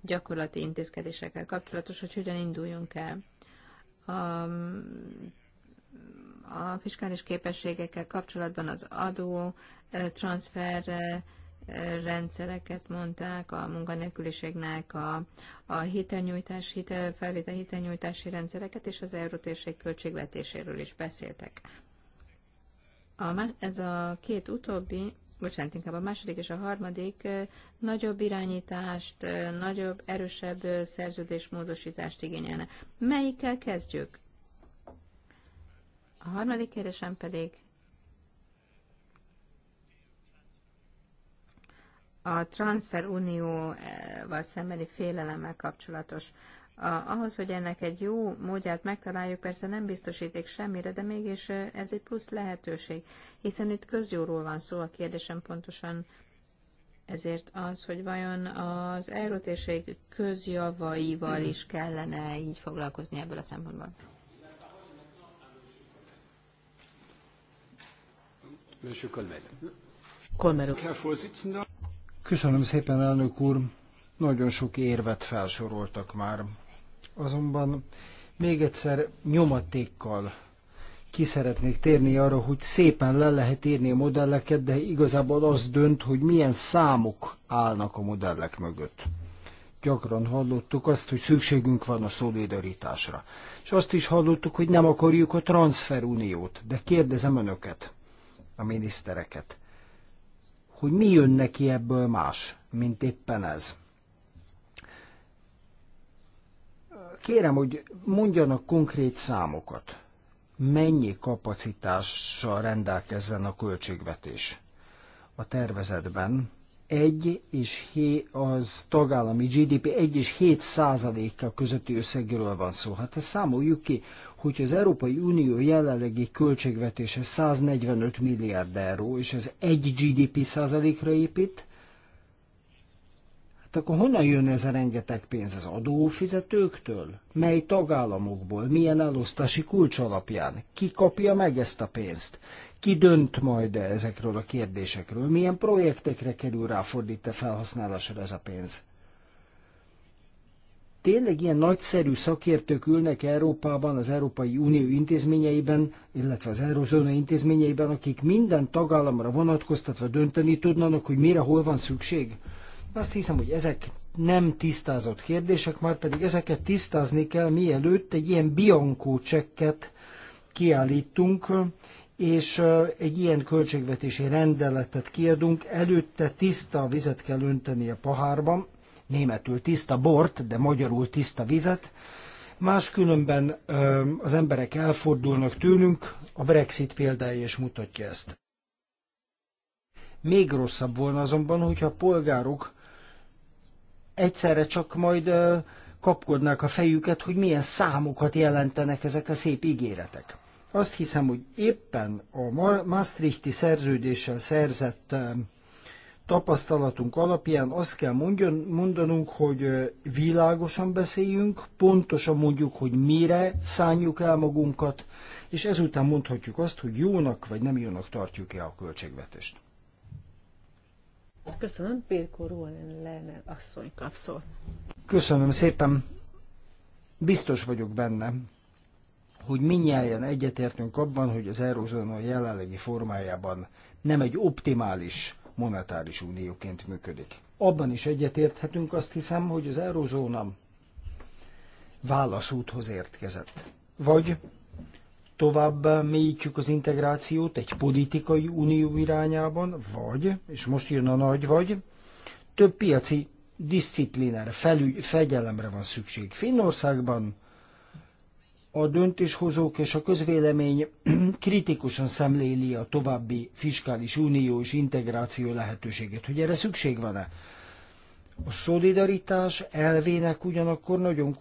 gyakorlati intézkedésekkel kapcsolatos, hogy hogyan induljunk el. A, a fiskális képességekkel kapcsolatban az adó, transfer, rendszereket mondták, a munkanélküliségnek a, a hitelnyújtás, hitel, felvétel hitelnyújtási rendszereket és az eurótérség költségvetéséről is beszéltek. A, ez a két utóbbi, bocsánat, inkább a második és a harmadik nagyobb irányítást, nagyobb, erősebb szerződésmódosítást igényelne. Melyikkel kezdjük? A harmadik kérdésem pedig a transferunióval szembeni félelemmel kapcsolatos. A, ahhoz, hogy ennek egy jó módját megtaláljuk, persze nem biztosíték semmire, de mégis ez egy plusz lehetőség, hiszen itt közjóról van szó, a kérdésem pontosan ezért az, hogy vajon az erőtérség közjavaival is kellene így foglalkozni ebből a szempontból. Monsieur Herr Vorsitzender. Köszönöm szépen, elnök úr. Nagyon sok érvet felsoroltak már. Azonban még egyszer nyomatékkal ki szeretnék térni arra, hogy szépen le lehet írni a modelleket, de igazából az dönt, hogy milyen számok állnak a modellek mögött. Gyakran hallottuk azt, hogy szükségünk van a szolidaritásra. És azt is hallottuk, hogy nem akarjuk a transferuniót, de kérdezem önöket, a minisztereket hogy mi jön neki ebből más, mint éppen ez. Kérem, hogy mondjanak konkrét számokat. Mennyi kapacitással rendelkezzen a költségvetés? A tervezetben 1 és 7, az tagállami GDP 1 és 7 százaléka közötti összegről van szó. Hát ezt számoljuk ki, hogy az Európai Unió jelenlegi költségvetése 145 milliárd euró, és ez 1 GDP százalékra épít, Hát akkor honnan jön ez a rengeteg pénz? Az adófizetőktől? Mely tagállamokból? Milyen elosztási kulcs alapján? Ki kapja meg ezt a pénzt? Ki dönt majd ezekről a kérdésekről? Milyen projektekre kerül fordítva felhasználásra ez a pénz? Tényleg ilyen nagyszerű szakértők ülnek Európában, az Európai Unió intézményeiben, illetve az Eurózóna intézményeiben, akik minden tagállamra vonatkoztatva dönteni tudnának, hogy mire hol van szükség? Azt hiszem, hogy ezek nem tisztázott kérdések, már pedig ezeket tisztázni kell, mielőtt egy ilyen biankó csekket kiállítunk, és egy ilyen költségvetési rendeletet kiadunk, előtte tiszta vizet kell önteni a pohárban, németül tiszta bort, de magyarul tiszta vizet, máskülönben az emberek elfordulnak tőlünk, a Brexit példája is mutatja ezt. Még rosszabb volna azonban, hogyha a polgárok egyszerre csak majd kapkodnák a fejüket, hogy milyen számokat jelentenek ezek a szép ígéretek. Azt hiszem, hogy éppen a Maastrichti szerződéssel szerzett tapasztalatunk alapján azt kell mondanunk, hogy világosan beszéljünk, pontosan mondjuk, hogy mire szánjuk el magunkat, és ezután mondhatjuk azt, hogy jónak vagy nem jónak tartjuk-e a költségvetést. Köszönöm, Pirko Rólen Lene asszony kapszol. Köszönöm szépen. Biztos vagyok benne, hogy minnyáján egyetértünk abban, hogy az eurozóna jelenlegi formájában nem egy optimális monetáris unióként működik. Abban is egyetérthetünk, azt hiszem, hogy az eurozóna válaszúthoz érkezett. Vagy tovább mélyítjük az integrációt egy politikai unió irányában, vagy, és most jön a nagy vagy, több piaci diszciplinára, fegyelemre van szükség Finnországban, a döntéshozók és a közvélemény kritikusan szemléli a további fiskális unió és integráció lehetőségét. Hogy erre szükség van-e? A szolidaritás elvének ugyanakkor nagyon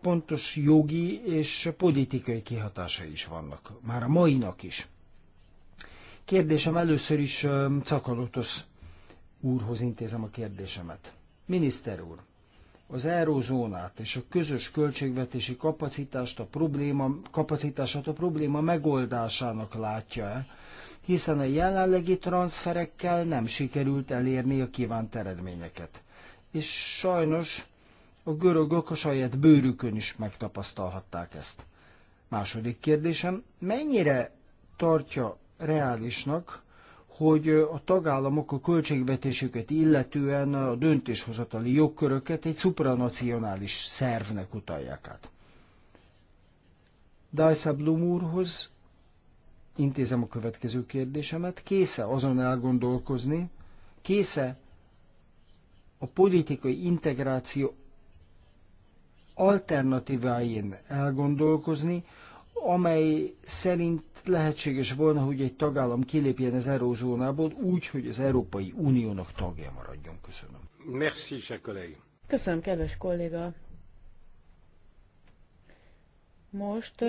pontos jogi és politikai kihatásai is vannak, már a mainak is. Kérdésem először is Cakalotosz úrhoz intézem a kérdésemet. Miniszter úr, az eurózónát és a közös költségvetési kapacitást a probléma, kapacitását a probléma megoldásának látja-e, hiszen a jelenlegi transferekkel nem sikerült elérni a kívánt eredményeket. És sajnos a görögök a saját bőrükön is megtapasztalhatták ezt. Második kérdésem, mennyire tartja reálisnak, hogy a tagállamok a költségvetésüket illetően a döntéshozatali jogköröket egy supranacionális szervnek utalják át. Blum úrhoz intézem a következő kérdésemet. Késze azon elgondolkozni, késze a politikai integráció alternatíváin elgondolkozni, amely szerint lehetséges volna, hogy egy tagállam kilépjen az eurózónából úgy, hogy az Európai Uniónak tagja maradjon. Köszönöm. Merci, Sekolei. Köszönöm, kedves kolléga. Most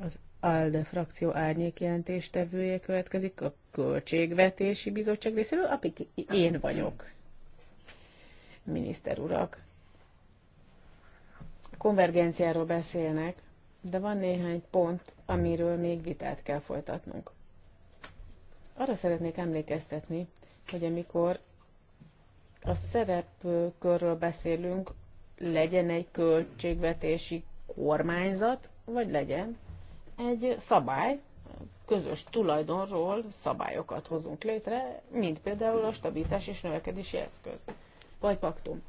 az ALDE frakció árnyék jelentéstevője következik a Költségvetési Bizottság részéről, akik én vagyok, miniszter urak konvergenciáról beszélnek, de van néhány pont, amiről még vitát kell folytatnunk. Arra szeretnék emlékeztetni, hogy amikor a szerepkörről beszélünk, legyen egy költségvetési kormányzat, vagy legyen egy szabály, közös tulajdonról szabályokat hozunk létre, mint például a stabilitás és növekedési eszköz, vagy paktum.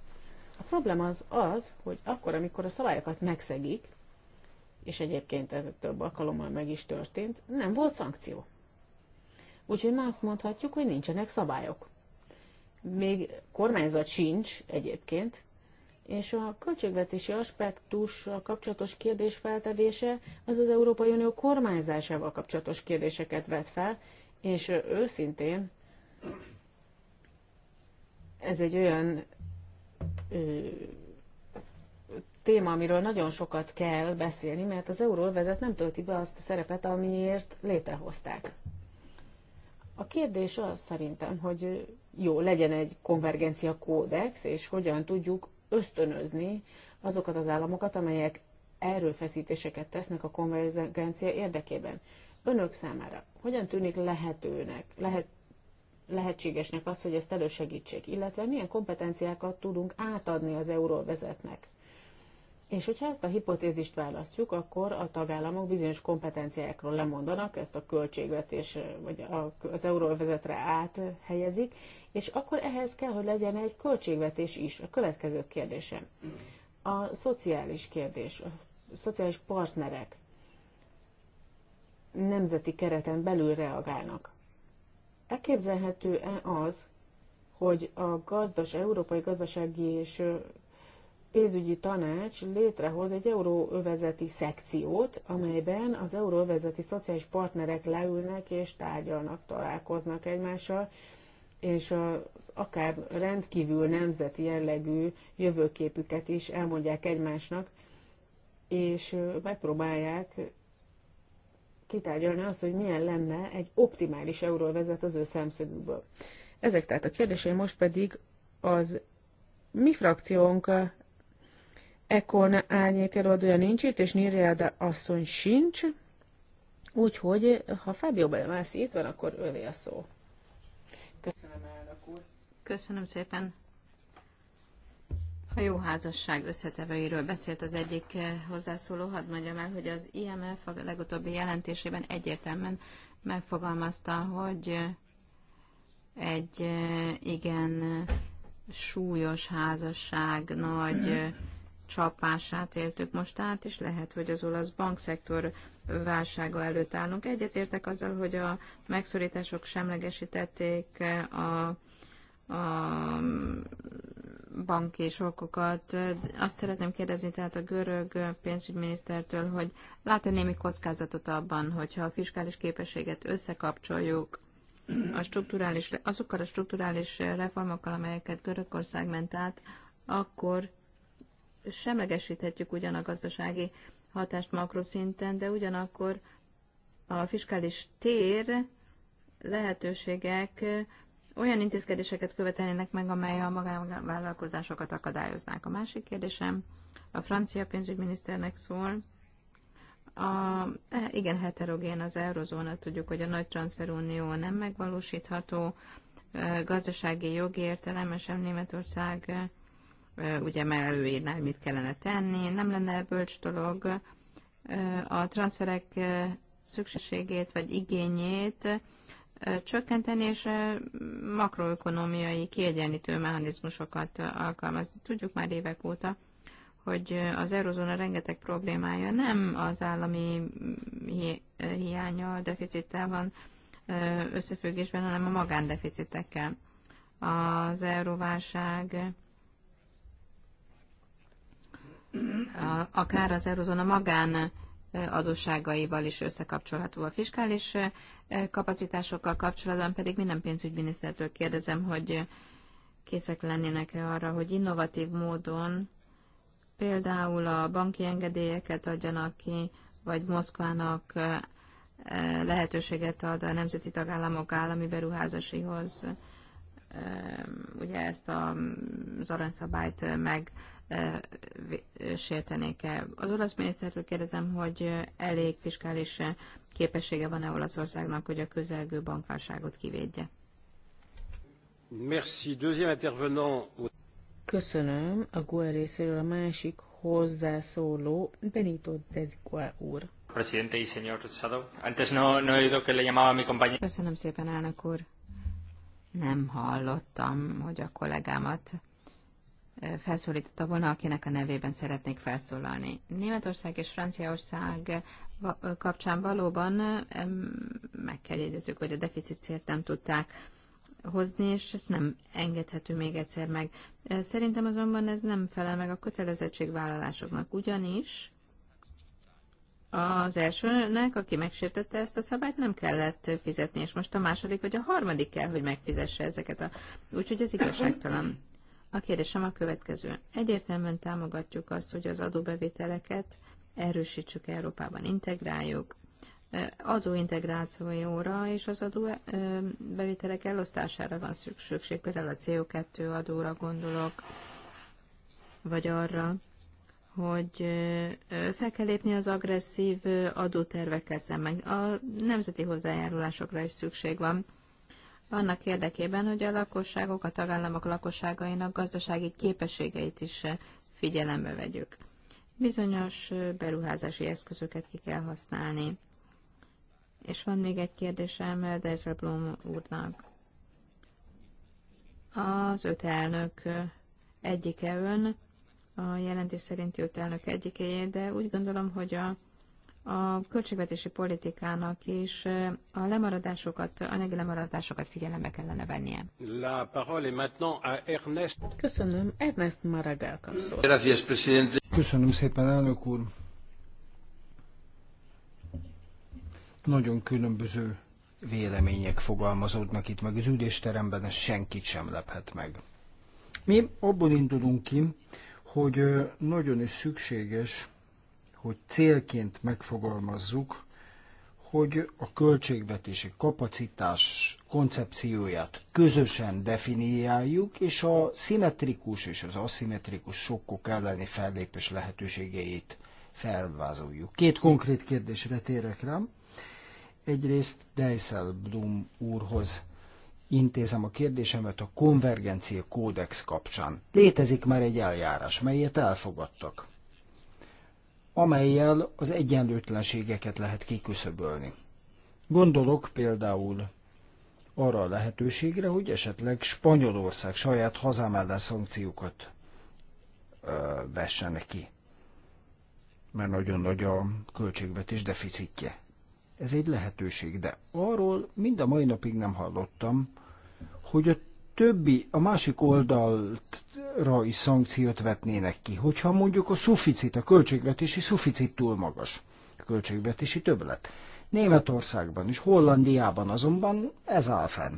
A probléma az az, hogy akkor, amikor a szabályokat megszegik, és egyébként ez több alkalommal meg is történt, nem volt szankció. Úgyhogy már azt mondhatjuk, hogy nincsenek szabályok. Még kormányzat sincs egyébként, és a költségvetési aspektus, a kapcsolatos kérdés feltevése az az Európai Unió kormányzásával kapcsolatos kérdéseket vet fel, és őszintén ez egy olyan téma, amiről nagyon sokat kell beszélni, mert az euróvezet nem tölti be azt a szerepet, amiért létrehozták. A kérdés az szerintem, hogy jó, legyen egy konvergencia kódex, és hogyan tudjuk ösztönözni azokat az államokat, amelyek erőfeszítéseket tesznek a konvergencia érdekében. Önök számára hogyan tűnik lehetőnek, lehet, lehetségesnek az, hogy ezt elősegítsék, illetve milyen kompetenciákat tudunk átadni az euróvezetnek. És hogyha ezt a hipotézist választjuk, akkor a tagállamok bizonyos kompetenciákról lemondanak, ezt a költségvetés vagy az euróvezetre áthelyezik, és akkor ehhez kell, hogy legyen egy költségvetés is. A következő kérdésem. A szociális kérdés, a szociális partnerek nemzeti kereten belül reagálnak Elképzelhető-e az, hogy a gazdas, európai gazdasági és pénzügyi tanács létrehoz egy euróövezeti szekciót, amelyben az euróövezeti szociális partnerek leülnek és tárgyalnak, találkoznak egymással, és a, akár rendkívül nemzeti jellegű jövőképüket is elmondják egymásnak, és megpróbálják kitárgyalni azt, hogy milyen lenne egy optimális euró vezet az ő szemszögükből. Ezek tehát a kérdései most pedig az mi frakciónk Ekon árnyék előadója nincs itt, és de asszony sincs, úgyhogy ha Fábio Belemászi itt van, akkor ővé a szó. Köszönöm, elnök úr. Köszönöm szépen. A jó házasság összetevőiről beszélt az egyik eh, hozzászóló, hadd mondjam el, hogy az IMF a legutóbbi jelentésében egyértelműen megfogalmazta, hogy eh, egy eh, igen súlyos házasság nagy csapását éltük most át, és lehet, hogy az olasz bankszektor válsága előtt állunk. Egyetértek azzal, hogy a megszorítások semlegesítették a, a banki sokokat. Azt szeretném kérdezni tehát a görög pénzügyminisztertől, hogy lát-e némi kockázatot abban, hogyha a fiskális képességet összekapcsoljuk a strukturális, azokkal a strukturális reformokkal, amelyeket Görögország ment át, akkor semlegesíthetjük ugyan a gazdasági hatást makroszinten, de ugyanakkor a fiskális tér lehetőségek olyan intézkedéseket követelnének meg, amely a magánvállalkozásokat akadályoznák. A másik kérdésem a francia pénzügyminiszternek szól. A, igen, heterogén az eurozóna, tudjuk, hogy a nagy transferunió nem megvalósítható, gazdasági jogi értelemben sem Németország ugye már előírná, mit kellene tenni, nem lenne e bölcs dolog a transferek szükségét vagy igényét csökkenteni, és makroökonomiai kiegyenlítő mechanizmusokat alkalmazni. Tudjuk már évek óta, hogy az eurozóna rengeteg problémája nem az állami hiánya, deficittel van összefüggésben, hanem a magándeficitekkel. Az euróválság akár az eurozóna magán adósságaival is összekapcsolható a fiskális eh, kapacitásokkal kapcsolatban, pedig minden pénzügyminisztertől kérdezem, hogy készek lennének-e arra, hogy innovatív módon például a banki engedélyeket adjanak ki, vagy Moszkvának eh, eh, lehetőséget ad a nemzeti tagállamok állami beruházásihoz. Ugye ezt mm, az aranyszabályt meg sértenék-e. Az olasz minisztertől kérdezem, hogy elég fiskális képessége van-e Olaszországnak, hogy a közelgő bankválságot kivédje? Merci. Deuxième intervenant. Köszönöm a GUE részéről a másik hozzászóló Benito Dezgua úr. Presidente y señor Shadow, antes no, no he oído que le llamaba mi compañero. Köszönöm szépen, elnök úr. Nem hallottam, hogy a kollégámat felszólította volna, akinek a nevében szeretnék felszólalni. Németország és Franciaország kapcsán valóban meg kell jegyezzük, hogy a deficit célt nem tudták hozni, és ezt nem engedhető még egyszer meg. Szerintem azonban ez nem felel meg a kötelezettségvállalásoknak, ugyanis az elsőnek, aki megsértette ezt a szabályt, nem kellett fizetni, és most a második vagy a harmadik kell, hogy megfizesse ezeket a... Úgyhogy ez igazságtalan. A kérdésem a következő. Egyértelműen támogatjuk azt, hogy az adóbevételeket erősítsük Európában, integráljuk, adóintegrációra és az adóbevételek elosztására van szükség, például a CO2 adóra gondolok, vagy arra, hogy fel kell lépni az agresszív adótervekkel szemben. A nemzeti hozzájárulásokra is szükség van annak érdekében, hogy a lakosságok, a tagállamok lakosságainak gazdasági képességeit is eh, figyelembe vegyük. Bizonyos eh, beruházási eszközöket ki kell használni. És van még egy kérdésem eh, Dezelblom úrnak. Az öt elnök egyike ön, a jelentés szerinti öt elnök egyikéje, de úgy gondolom, hogy a a költségvetési politikának és a lemaradásokat, anyagi lemaradásokat figyelembe kellene vennie. La parole est maintenant à Ernest. Köszönöm, Ernest Maragall kapszol. Köszönöm szépen, elnök úr. Nagyon különböző vélemények fogalmazódnak itt meg az ülésteremben, ez senkit sem lephet meg. Mi abból indulunk ki, hogy nagyon is szükséges, hogy célként megfogalmazzuk, hogy a költségvetési kapacitás koncepcióját közösen definiáljuk, és a szimmetrikus és az aszimmetrikus sokkok elleni fellépés lehetőségeit felvázoljuk. Két konkrét kérdésre térek rám. Egyrészt Blum úrhoz intézem a kérdésemet a konvergencia kódex kapcsán. Létezik már egy eljárás, melyet elfogadtak amelyel az egyenlőtlenségeket lehet kiküszöbölni. Gondolok például arra a lehetőségre, hogy esetleg Spanyolország saját hazám ellen szankciókat ö, vessen ki, mert nagyon nagy a költségvetés deficitje. Ez egy lehetőség, de arról mind a mai napig nem hallottam, hogy a többi, a másik oldalra is szankciót vetnének ki, hogyha mondjuk a szuficit, a költségvetési szuficit túl magas, a költségvetési többlet. Németországban és Hollandiában azonban ez áll fenn.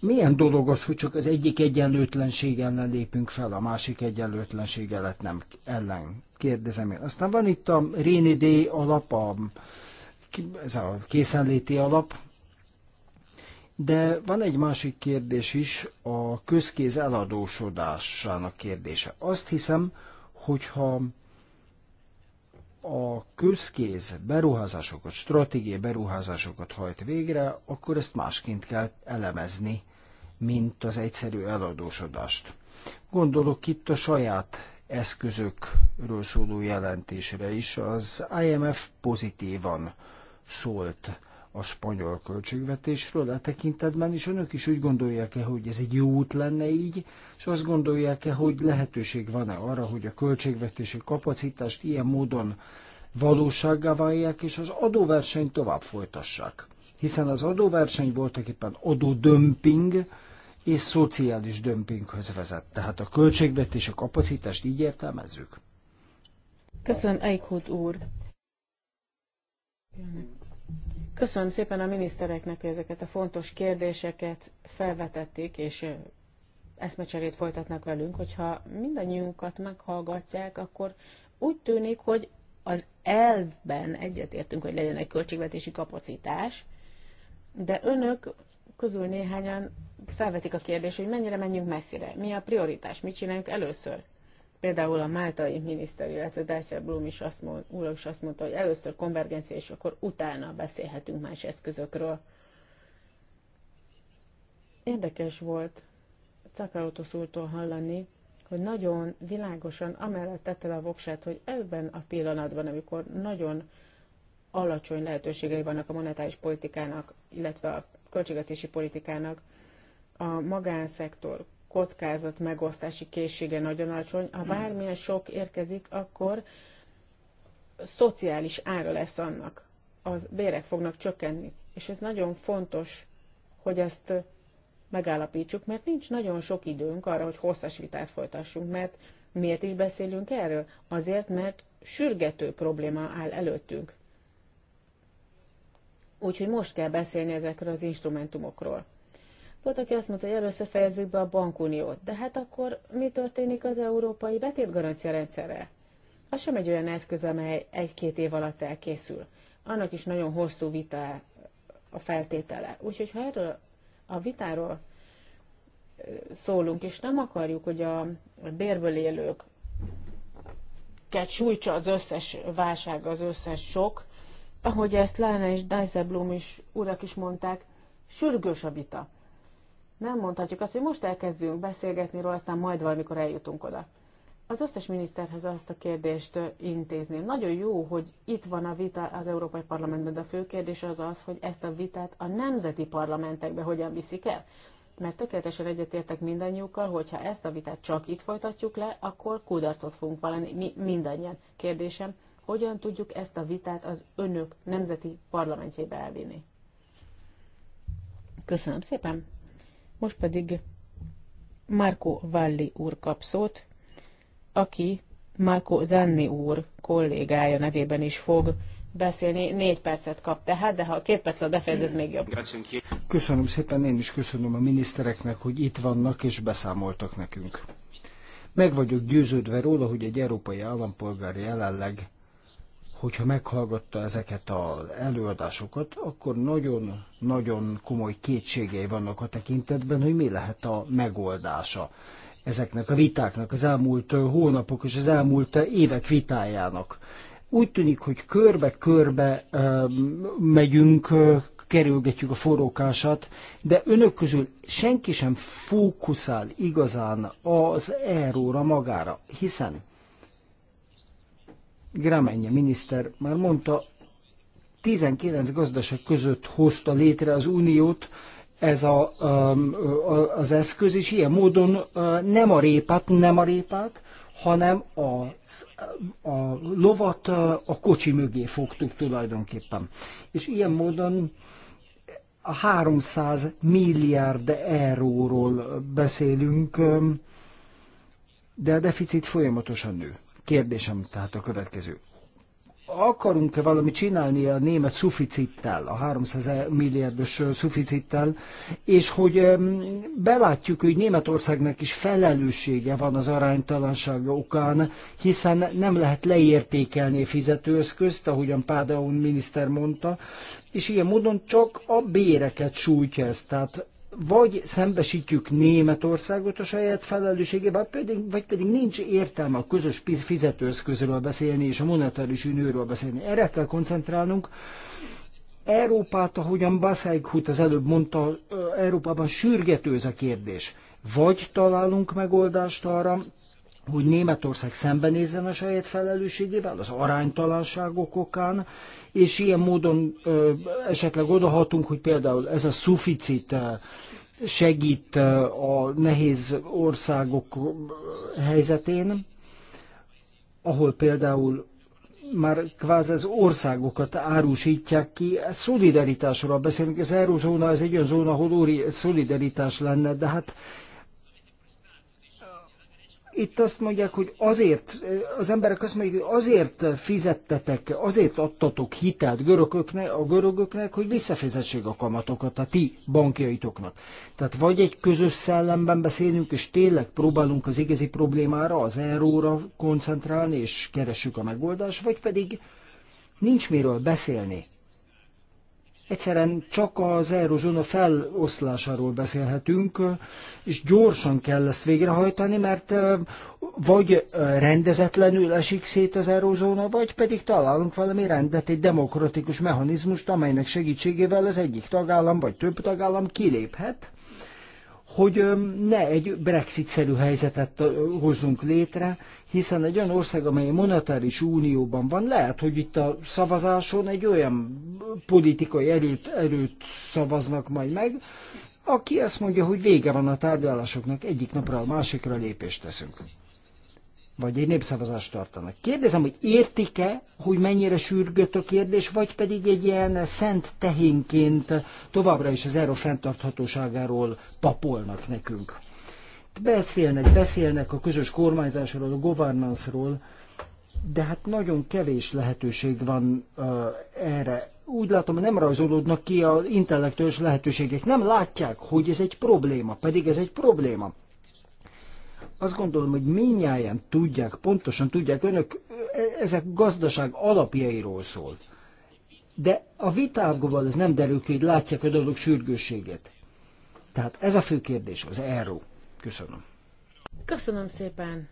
Milyen dolog az, hogy csak az egyik egyenlőtlenség ellen lépünk fel, a másik egyenlőtlenség nem ellen, kérdezem én. Aztán van itt a Réni D alap, a, ez a készenléti alap, de van egy másik kérdés is, a közkéz eladósodásának kérdése. Azt hiszem, hogyha a közkéz beruházásokat, stratégiai beruházásokat hajt végre, akkor ezt másként kell elemezni, mint az egyszerű eladósodást. Gondolok itt a saját eszközökről szóló jelentésre is. Az IMF pozitívan szólt a spanyol költségvetésről a e tekintetben, és önök is úgy gondolják-e, hogy ez egy jó út lenne így, és azt gondolják-e, hogy lehetőség van-e arra, hogy a költségvetési kapacitást ilyen módon valósággá válják, és az adóversenyt tovább folytassák. Hiszen az adóverseny voltak éppen adódömping, és szociális dömpinghöz vezet. Tehát a költségvetés, a kapacitást így értelmezzük. Köszönöm, Eichhut úr. Jönnek. Köszönöm szépen a minisztereknek, hogy ezeket a fontos kérdéseket felvetették, és eszmecserét folytatnak velünk, hogyha mindannyiunkat meghallgatják, akkor úgy tűnik, hogy az elvben egyetértünk, hogy legyen egy költségvetési kapacitás, de önök közül néhányan felvetik a kérdést, hogy mennyire menjünk messzire, mi a prioritás, mit csináljunk először. Például a máltai miniszter, illetve Dacia Blum is azt, mond, is azt mondta, hogy először konvergencia, és akkor utána beszélhetünk más eszközökről. Érdekes volt Cakarotos úrtól hallani, hogy nagyon világosan amellett tette le a voksát, hogy ebben a pillanatban, amikor nagyon alacsony lehetőségei vannak a monetáris politikának, illetve a költségvetési politikának, a magánszektor kockázat megosztási készsége nagyon alacsony. Ha bármilyen sok érkezik, akkor szociális ára lesz annak. Az bérek fognak csökkenni. És ez nagyon fontos, hogy ezt megállapítsuk, mert nincs nagyon sok időnk arra, hogy hosszas vitát folytassunk, mert miért is beszélünk erről? Azért, mert sürgető probléma áll előttünk. Úgyhogy most kell beszélni ezekről az instrumentumokról. Volt, aki azt mondta, hogy először fejezzük be a bankuniót. De hát akkor mi történik az európai betétgarancia rendszerrel? Az sem egy olyan eszköz, amely egy-két év alatt elkészül. Annak is nagyon hosszú vita a feltétele. Úgyhogy ha erről a vitáról szólunk, és nem akarjuk, hogy a bérből élők sújtsa az összes válság, az összes sok, ahogy ezt Lána és Dijsselbloem is urak is mondták, sürgős a vita. Nem mondhatjuk azt, hogy most elkezdünk beszélgetni róla, aztán majd valamikor eljutunk oda. Az összes miniszterhez azt a kérdést intézném. Nagyon jó, hogy itt van a vita az Európai Parlamentben, de a fő kérdés az az, hogy ezt a vitát a nemzeti parlamentekbe hogyan viszik el mert tökéletesen egyetértek mindannyiukkal, hogyha ezt a vitát csak itt folytatjuk le, akkor kudarcot fogunk valani mi mindannyian. Kérdésem, hogyan tudjuk ezt a vitát az önök nemzeti parlamentjébe elvinni? Köszönöm szépen! Most pedig Marco Valli úr kap szót, aki Marco Zanni úr kollégája nevében is fog beszélni. Négy percet kap tehát, de ha két percet befejezed, még jobb. Köszönöm szépen, én is köszönöm a minisztereknek, hogy itt vannak és beszámoltak nekünk. Meg vagyok győződve róla, hogy egy európai állampolgár jelenleg hogyha meghallgatta ezeket az előadásokat, akkor nagyon-nagyon komoly kétségei vannak a tekintetben, hogy mi lehet a megoldása ezeknek a vitáknak, az elmúlt hónapok és az elmúlt évek vitájának. Úgy tűnik, hogy körbe-körbe megyünk, kerülgetjük a forrókását, de önök közül senki sem fókuszál igazán az erőra magára, hiszen Gramenje miniszter már mondta, 19 gazdaság között hozta létre az uniót ez a, um, az eszköz, és ilyen módon uh, nem a répát, nem a répát, hanem a, a lovat uh, a kocsi mögé fogtuk tulajdonképpen. És ilyen módon a 300 milliárd euróról beszélünk, um, de a deficit folyamatosan nő. Kérdésem tehát a következő. Akarunk-e valamit csinálni a német szuficittel, a 300 milliárdos szuficittel, és hogy belátjuk, hogy Németországnak is felelőssége van az aránytalansága okán, hiszen nem lehet leértékelni a fizetőeszközt, ahogyan Pádaun miniszter mondta, és ilyen módon csak a béreket sújtja ez. Tehát vagy szembesítjük Németországot a saját felelősségével, pedig, vagy pedig nincs értelme a közös fizetőeszközről beszélni és a monetáris unióról beszélni. Erre kell koncentrálnunk. Európát, ahogyan Baszájkhut az előbb mondta, Európában sürgető ez a kérdés. Vagy találunk megoldást arra, hogy Németország szembenézzen a saját felelősségével, az aránytalanságok okán, és ilyen módon ö, esetleg odahatunk, hogy például ez a szuficit segít a nehéz országok helyzetén, ahol például már kvázi az országokat árusítják ki, szolidaritásról beszélünk, az Eurózóna ez egy olyan zóna, ahol óri szolidaritás lenne, de hát itt azt mondják, hogy azért, az emberek azt mondják, hogy azért fizettetek, azért adtatok hitelt görögöknek, a görögöknek, hogy visszafizessék a kamatokat a ti bankjaitoknak. Tehát vagy egy közös szellemben beszélünk, és tényleg próbálunk az igazi problémára, az euróra koncentrálni, és keressük a megoldást, vagy pedig nincs miről beszélni. Egyszerűen csak az eurozóna feloszlásáról beszélhetünk, és gyorsan kell ezt végrehajtani, mert vagy rendezetlenül esik szét az eurozóna, vagy pedig találunk valami rendet, egy demokratikus mechanizmust, amelynek segítségével az egyik tagállam vagy több tagállam kiléphet hogy ne egy Brexit-szerű helyzetet hozzunk létre, hiszen egy olyan ország, amely monetáris unióban van, lehet, hogy itt a szavazáson egy olyan politikai erőt, erőt szavaznak majd meg, aki azt mondja, hogy vége van a tárgyalásoknak, egyik napra a másikra lépést teszünk vagy egy népszavazást tartanak. Kérdezem, hogy értik-e, hogy mennyire sürgött a kérdés, vagy pedig egy ilyen szent tehénként továbbra is az erő fenntarthatóságáról papolnak nekünk. Beszélnek, beszélnek a közös kormányzásról, a governance-ról, de hát nagyon kevés lehetőség van uh, erre. Úgy látom, hogy nem rajzolódnak ki az intellektuális lehetőségek. Nem látják, hogy ez egy probléma, pedig ez egy probléma. Azt gondolom, hogy minnyáján tudják, pontosan tudják önök, e, ezek gazdaság alapjairól szól. De a vitágóval ez nem derül ki, hogy látják a dolog sürgősségét. Tehát ez a fő kérdés, az ERO. Köszönöm. Köszönöm szépen.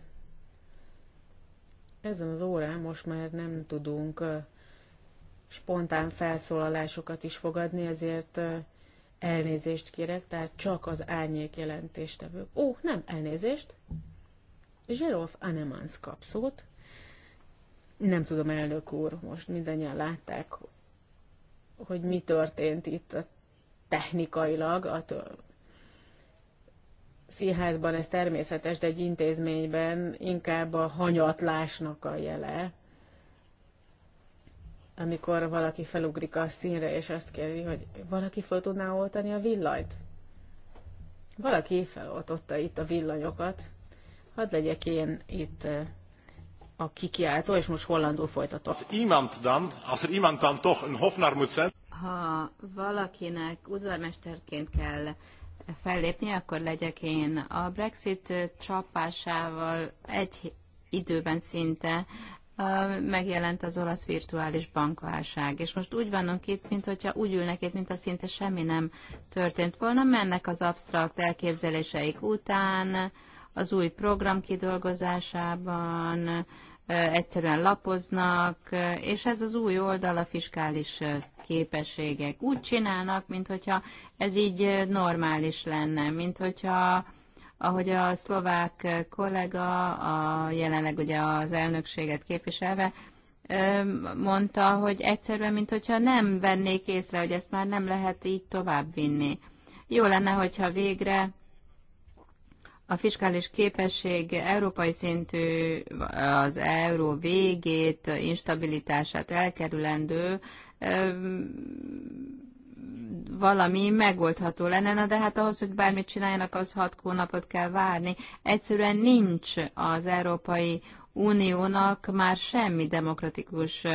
Ezen az órán most már nem tudunk spontán felszólalásokat is fogadni, ezért Elnézést kérek, tehát csak az árnyék jelentéstevő. Ó, nem, elnézést. Zsirolf Anemans kap szót. Nem tudom, elnök úr, most mindannyian látták, hogy mi történt itt a technikailag. A színházban ez természetes, de egy intézményben inkább a hanyatlásnak a jele, amikor valaki felugrik a színre, és azt kéri, hogy valaki fel tudná oltani a villanyt? Valaki feloltotta itt a villanyokat. Hadd legyek én itt eh, a kikiáltó, és most hollandul folytatom. Iemand dan, er iemand dan toch een Ha valakinek udvarmesterként kell fellépni, akkor legyek én. A Brexit csapásával egy időben szinte megjelent az olasz virtuális bankválság. És most úgy vannak itt, mint hogyha úgy ülnek itt, mint a szinte semmi nem történt volna. Mennek az absztrakt elképzeléseik után, az új program kidolgozásában, egyszerűen lapoznak, és ez az új oldal a fiskális képességek. Úgy csinálnak, mint hogyha ez így normális lenne, mint hogyha ahogy a szlovák kollega, a jelenleg ugye az elnökséget képviselve, mondta, hogy egyszerűen, mint hogyha nem vennék észre, hogy ezt már nem lehet így tovább vinni. Jó lenne, hogyha végre a fiskális képesség európai szintű az euró végét, instabilitását elkerülendő valami megoldható lenne, na de hát ahhoz, hogy bármit csináljanak, az hat hónapot kell várni. Egyszerűen nincs az Európai Uniónak már semmi demokratikus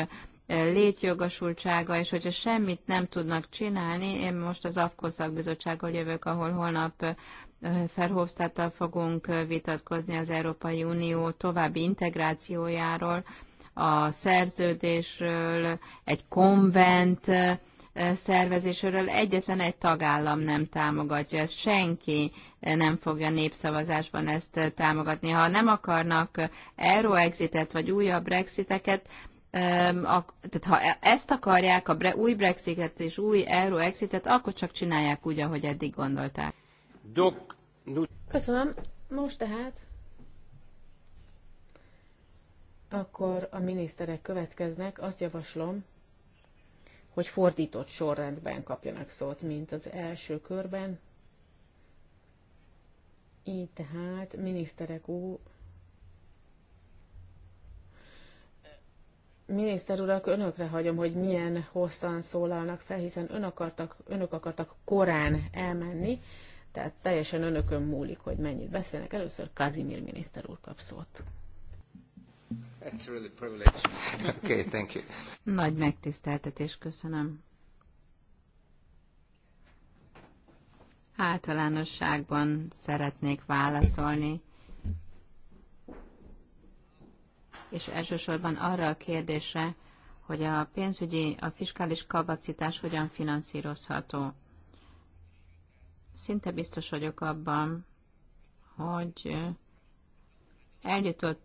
létjogosultsága, és hogyha semmit nem tudnak csinálni, én most az AFKO szakbizottsággal jövök, ahol holnap Ferhofstadttal fogunk vitatkozni az Európai Unió további integrációjáról, a szerződésről, egy konvent szervezéséről egyetlen egy tagállam nem támogatja ezt. Senki nem fogja népszavazásban ezt támogatni. Ha nem akarnak Euroexitet vagy újabb Brexiteket, a, tehát ha ezt akarják, a bre, új Brexitet és új EU-exitet, akkor csak csinálják úgy, ahogy eddig gondolták. Dok, Köszönöm. Most tehát akkor a miniszterek következnek. Azt javaslom, hogy fordított sorrendben kapjanak szót, mint az első körben. Így tehát miniszterek úr, miniszter urak, önökre hagyom, hogy milyen hosszan szólalnak fel, hiszen ön akartak, önök akartak korán elmenni, tehát teljesen önökön múlik, hogy mennyit beszélnek. Először Kazimir miniszter úr kap szót. That's really privilege. Okay, thank you. Nagy megtiszteltetés, köszönöm. Általánosságban szeretnék válaszolni, és elsősorban arra a kérdésre, hogy a pénzügyi, a fiskális kapacitás hogyan finanszírozható. Szinte biztos vagyok abban, hogy eljutott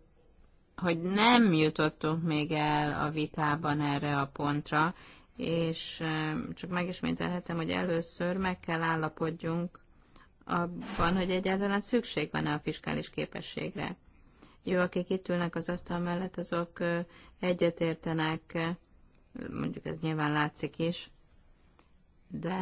hogy nem jutottunk még el a vitában erre a pontra, és csak megismételhetem, hogy először meg kell állapodjunk abban, hogy egyáltalán szükség van-e a fiskális képességre. Jó, akik itt ülnek az asztal mellett, azok egyetértenek, mondjuk ez nyilván látszik is, de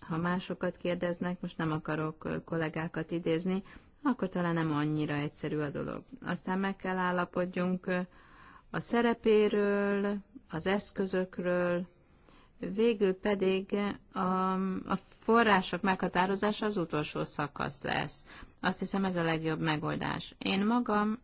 ha másokat kérdeznek, most nem akarok kollégákat idézni, akkor talán nem annyira egyszerű a dolog. Aztán meg kell állapodjunk a szerepéről, az eszközökről, végül pedig a, a források meghatározása az utolsó szakasz lesz. Azt hiszem ez a legjobb megoldás. Én magam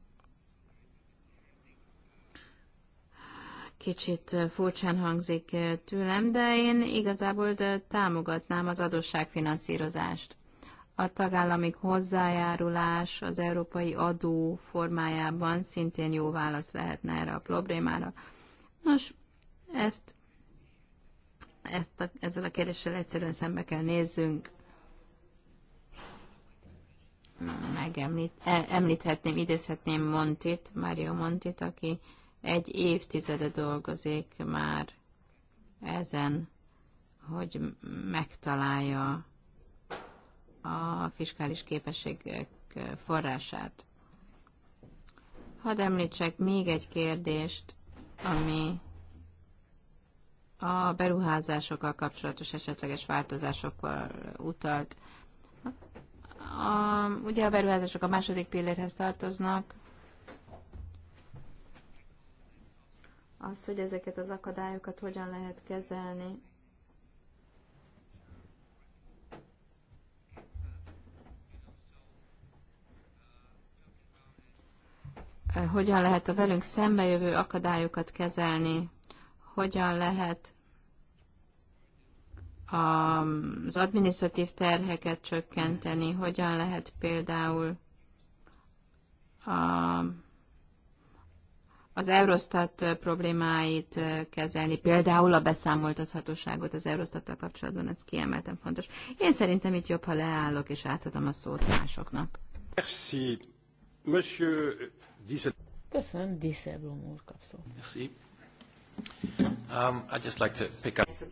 kicsit furcsán hangzik tőlem, de én igazából támogatnám az adósságfinanszírozást a tagállami hozzájárulás az európai adó formájában szintén jó válasz lehetne erre a problémára. Nos, ezt, ezt a, ezzel a kérdéssel egyszerűen szembe kell nézzünk. Megemlít, e, említhetném, idézhetném Montit, Mario Montit, aki egy évtizede dolgozik már ezen, hogy megtalálja a fiskális képességek forrását. Hadd említsek még egy kérdést, ami a beruházásokkal kapcsolatos esetleges változásokkal utalt. A, ugye a beruházások a második pillérhez tartoznak. Az, hogy ezeket az akadályokat hogyan lehet kezelni, hogyan lehet a velünk szembejövő akadályokat kezelni, hogyan lehet az adminisztratív terheket csökkenteni, hogyan lehet például a, az Eurostat problémáit kezelni, például a beszámoltathatóságot az Eurostattal kapcsolatban, ez kiemelten fontos. Én szerintem itt jobb, ha leállok és átadom a szót másoknak. Merci. Monsieur Köszönöm, Disseblom úr kapszó. Um, just like to pick up...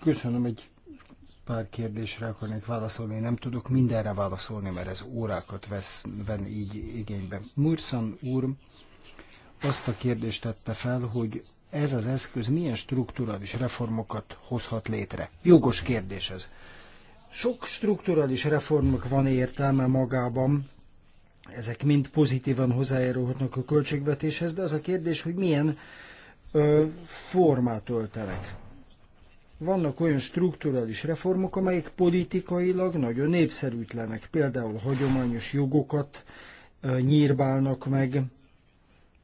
Köszönöm, egy pár kérdésre akarnék válaszolni. Nem tudok mindenre válaszolni, mert ez órákat vesz, ven így igénybe. Murszan úr azt a kérdést tette fel, hogy ez az eszköz milyen strukturális reformokat hozhat létre. Jogos kérdés ez. Sok strukturális reformok van értelme magában, ezek mind pozitívan hozzájárulhatnak a költségvetéshez, de az a kérdés, hogy milyen ö, formát öltelek. Vannak olyan strukturális reformok, amelyek politikailag nagyon népszerűtlenek, például hagyományos jogokat ö, nyírbálnak meg,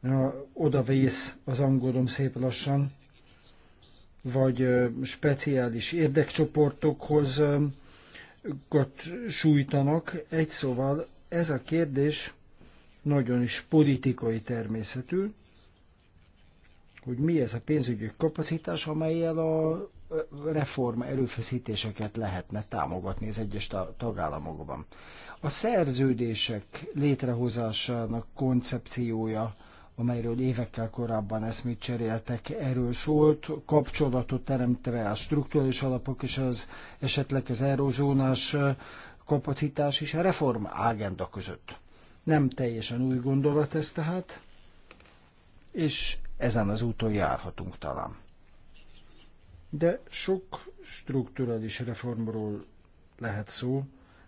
ö, odavész az angolom szép lassan, vagy ö, speciális érdekcsoportokhoz ö, sújtanak, egy szóval ez a kérdés nagyon is politikai természetű, hogy mi ez a pénzügyi kapacitás, amelyel a reform erőfeszítéseket lehetne támogatni az egyes tagállamokban. A szerződések létrehozásának koncepciója, amelyről évekkel korábban eszmét cseréltek, erről szólt, kapcsolatot teremtve a struktúrális alapok és az esetleg az eurozónás kapacitás és a reform ágenda között. Nem teljesen új gondolat ez tehát, és ezen az úton járhatunk talán. De sok strukturális reformról lehet szó.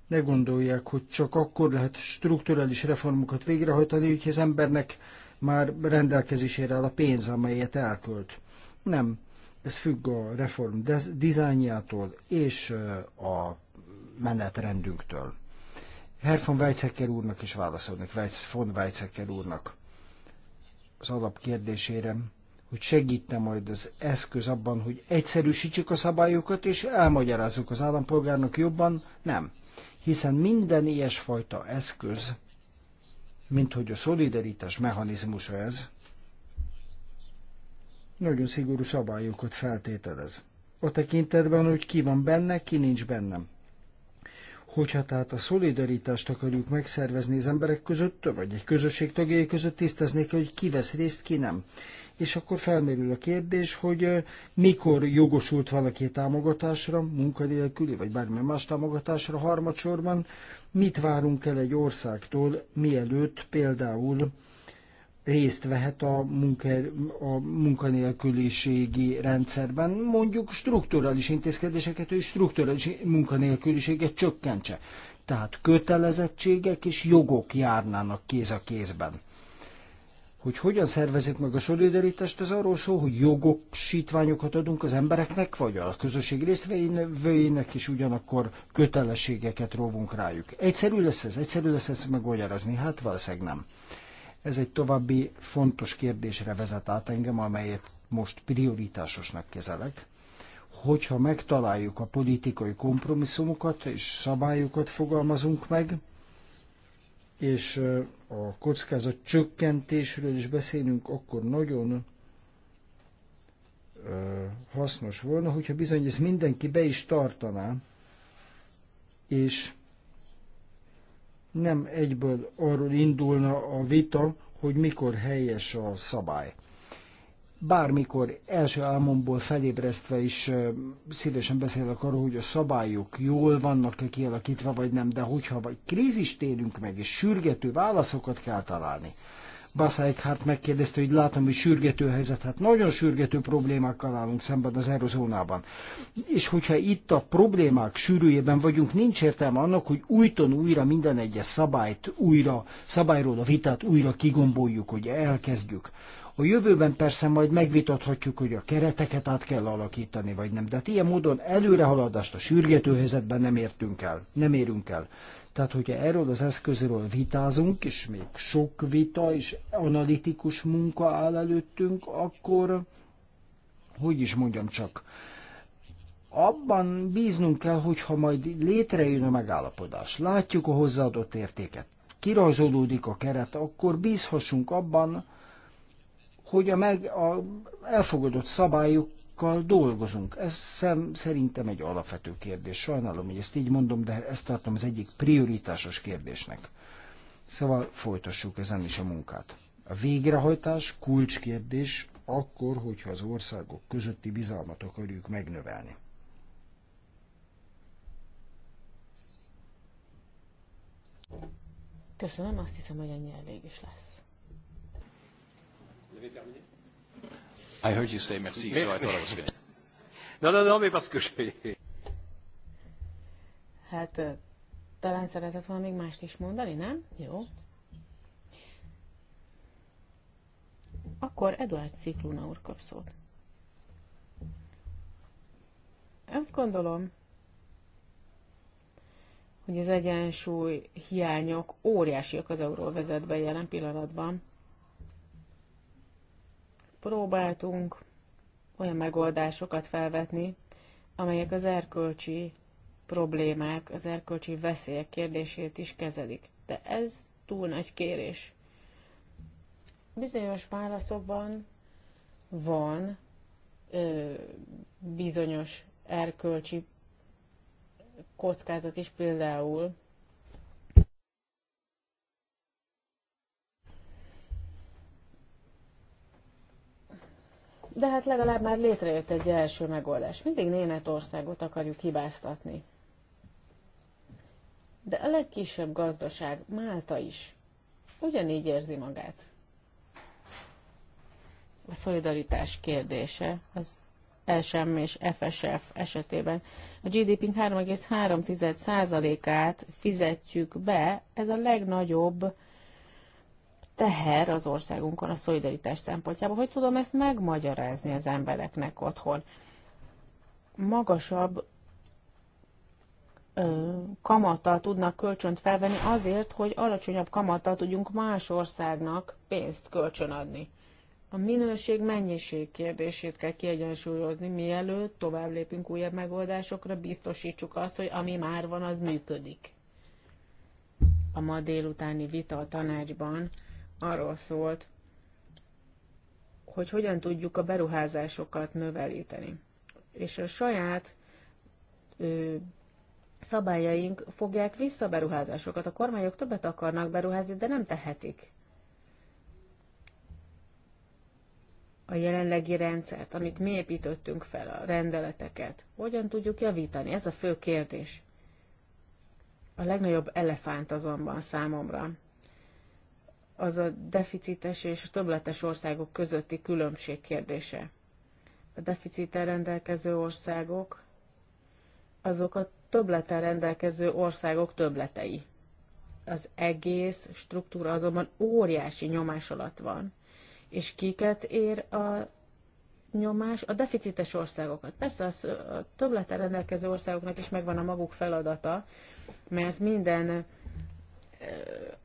Ne gondolják, hogy csak akkor lehet strukturális reformokat végrehajtani, hogyha az embernek már rendelkezésére áll a pénz, amelyet elkölt. Nem, ez függ a reform dizájnjától és a menetrendünktől. Herr von Weizsäcker úrnak is válaszolnak, Weiz, von Weizsäcker úrnak az alapkérdésére, hogy segítne majd az eszköz abban, hogy egyszerűsítsük a szabályokat, és elmagyarázzuk az állampolgárnak jobban? Nem. Hiszen minden ilyesfajta eszköz, mint hogy a szolidaritás mechanizmusa ez, nagyon szigorú szabályokat feltételez. A tekintetben, hogy ki van benne, ki nincs bennem. Hogyha tehát a szolidaritást akarjuk megszervezni az emberek között, vagy egy közösség tagjai között, tisztázni hogy ki vesz részt, ki nem. És akkor felmerül a kérdés, hogy mikor jogosult valaki támogatásra, munkanélküli, vagy bármilyen más támogatásra harmadsorban, mit várunk el egy országtól, mielőtt például részt vehet a, munka, a munkanélküliségi rendszerben, mondjuk strukturális intézkedéseket, hogy strukturális munkanélküliséget csökkentse. Tehát kötelezettségek és jogok járnának kéz a kézben. Hogy hogyan szervezik meg a szolidaritást, az arról szól, hogy jogosítványokat adunk az embereknek, vagy a közösség résztvevőinek, és ugyanakkor kötelességeket róvunk rájuk. Egyszerű lesz ez, egyszerű lesz ez megmagyarázni? Hát valószínűleg nem. Ez egy további fontos kérdésre vezet át engem, amelyet most prioritásosnak kezelek. Hogyha megtaláljuk a politikai kompromisszumokat és szabályokat fogalmazunk meg, és a kockázat csökkentésről is beszélünk, akkor nagyon hasznos volna, hogyha bizony ez mindenki be is tartaná, és nem egyből arról indulna a vita, hogy mikor helyes a szabály. Bármikor első álmomból felébresztve is szívesen beszélek arról, hogy a szabályok jól vannak-e kialakítva, vagy nem, de hogyha vagy krízist élünk meg, és sürgető válaszokat kell találni, Baszájkhát megkérdezte, hogy látom, hogy sürgető helyzet. Hát nagyon sürgető problémákkal állunk szemben az eurozónában. És hogyha itt a problémák sűrűjében vagyunk, nincs értelme annak, hogy újton újra minden egyes szabályt újra, szabályról a vitát újra kigomboljuk, hogy elkezdjük. A jövőben persze majd megvitathatjuk, hogy a kereteket át kell alakítani, vagy nem. De hát ilyen módon előrehaladást a sürgető helyzetben nem értünk el, nem érünk el. Tehát, hogyha erről az eszközről vitázunk, és még sok vita és analitikus munka áll előttünk, akkor, hogy is mondjam csak, abban bíznunk kell, hogyha majd létrejön a megállapodás, látjuk a hozzáadott értéket, kirajzolódik a keret, akkor bízhassunk abban, hogy a, meg, a elfogadott szabályok azokkal dolgozunk. Ez szem, szerintem egy alapvető kérdés. Sajnálom, hogy ezt így mondom, de ezt tartom az egyik prioritásos kérdésnek. Szóval folytassuk ezen is a munkát. A végrehajtás kulcskérdés akkor, hogyha az országok közötti bizalmat akarjuk megnövelni. Köszönöm, azt hiszem, hogy ennyi elég is lesz. Vous avez terminé I heard you say merci, so I thought I was finished. Non, non, non, mais parce que je... Hát talán szeretett volna még mást is mondani, nem? Jó. Akkor Eduard Szikluna úr kap szót. Azt gondolom, hogy az egyensúly hiányok óriásiak az euróvezetben jelen pillanatban próbáltunk olyan megoldásokat felvetni, amelyek az erkölcsi problémák, az erkölcsi veszélyek kérdését is kezelik. De ez túl nagy kérés. Bizonyos válaszokban van ö, bizonyos erkölcsi kockázat is, például de hát legalább már létrejött egy első megoldás. Mindig Németországot akarjuk hibáztatni. De a legkisebb gazdaság, Málta is, ugyanígy érzi magát. A szolidaritás kérdése az SM és FSF esetében a gdp 3,3%-át fizetjük be, ez a legnagyobb teher az országunkon a szolidaritás szempontjából. Hogy tudom ezt megmagyarázni az embereknek otthon? Magasabb kamattal tudnak kölcsönt felvenni azért, hogy alacsonyabb kamattal tudjunk más országnak pénzt kölcsönadni. A minőség mennyiség kérdését kell kiegyensúlyozni, mielőtt tovább lépünk újabb megoldásokra, biztosítsuk azt, hogy ami már van, az működik. A ma délutáni vita a tanácsban arról szólt, hogy hogyan tudjuk a beruházásokat növelíteni. És a saját ö, szabályaink fogják vissza a beruházásokat. A kormányok többet akarnak beruházni, de nem tehetik. a jelenlegi rendszert, amit mi építöttünk fel, a rendeleteket, hogyan tudjuk javítani? Ez a fő kérdés. A legnagyobb elefánt azonban számomra az a deficites és többletes országok közötti különbség kérdése. A deficittel rendelkező országok azok a többlettel rendelkező országok többletei. Az egész struktúra azonban óriási nyomás alatt van. És kiket ér a nyomás? A deficites országokat. Persze a többlettel rendelkező országoknak is megvan a maguk feladata, mert minden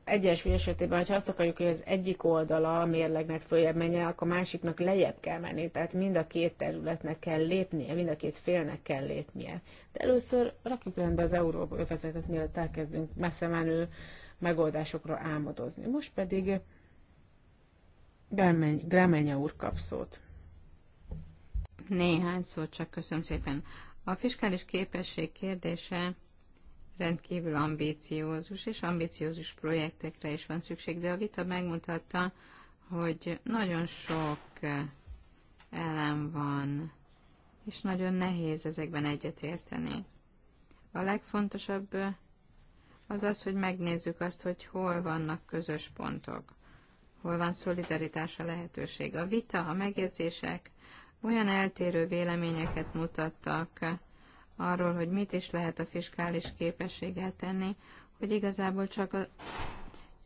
egyensúly esetében, ha azt akarjuk, hogy az egyik oldala a mérlegnek följebb menjen, akkor a másiknak lejjebb kell menni. Tehát mind a két területnek kell lépnie, mind a két félnek kell lépnie. De először rakjuk rendbe az Európa övezetet, mielőtt elkezdünk messze menő megoldásokra álmodozni. Most pedig Grámenya úr kap szót. Néhány szót csak köszönöm szépen. A fiskális képesség kérdése rendkívül ambíciózus és ambíciózus projektekre is van szükség, de a vita megmutatta, hogy nagyon sok eh, elem van, és nagyon nehéz ezekben egyetérteni. A legfontosabb eh, az az, hogy megnézzük azt, hogy hol vannak közös pontok, hol van szolidaritása lehetőség. A vita, a megjegyzések olyan eltérő véleményeket mutattak, arról, hogy mit is lehet a fiskális képességgel tenni, hogy igazából csak, a,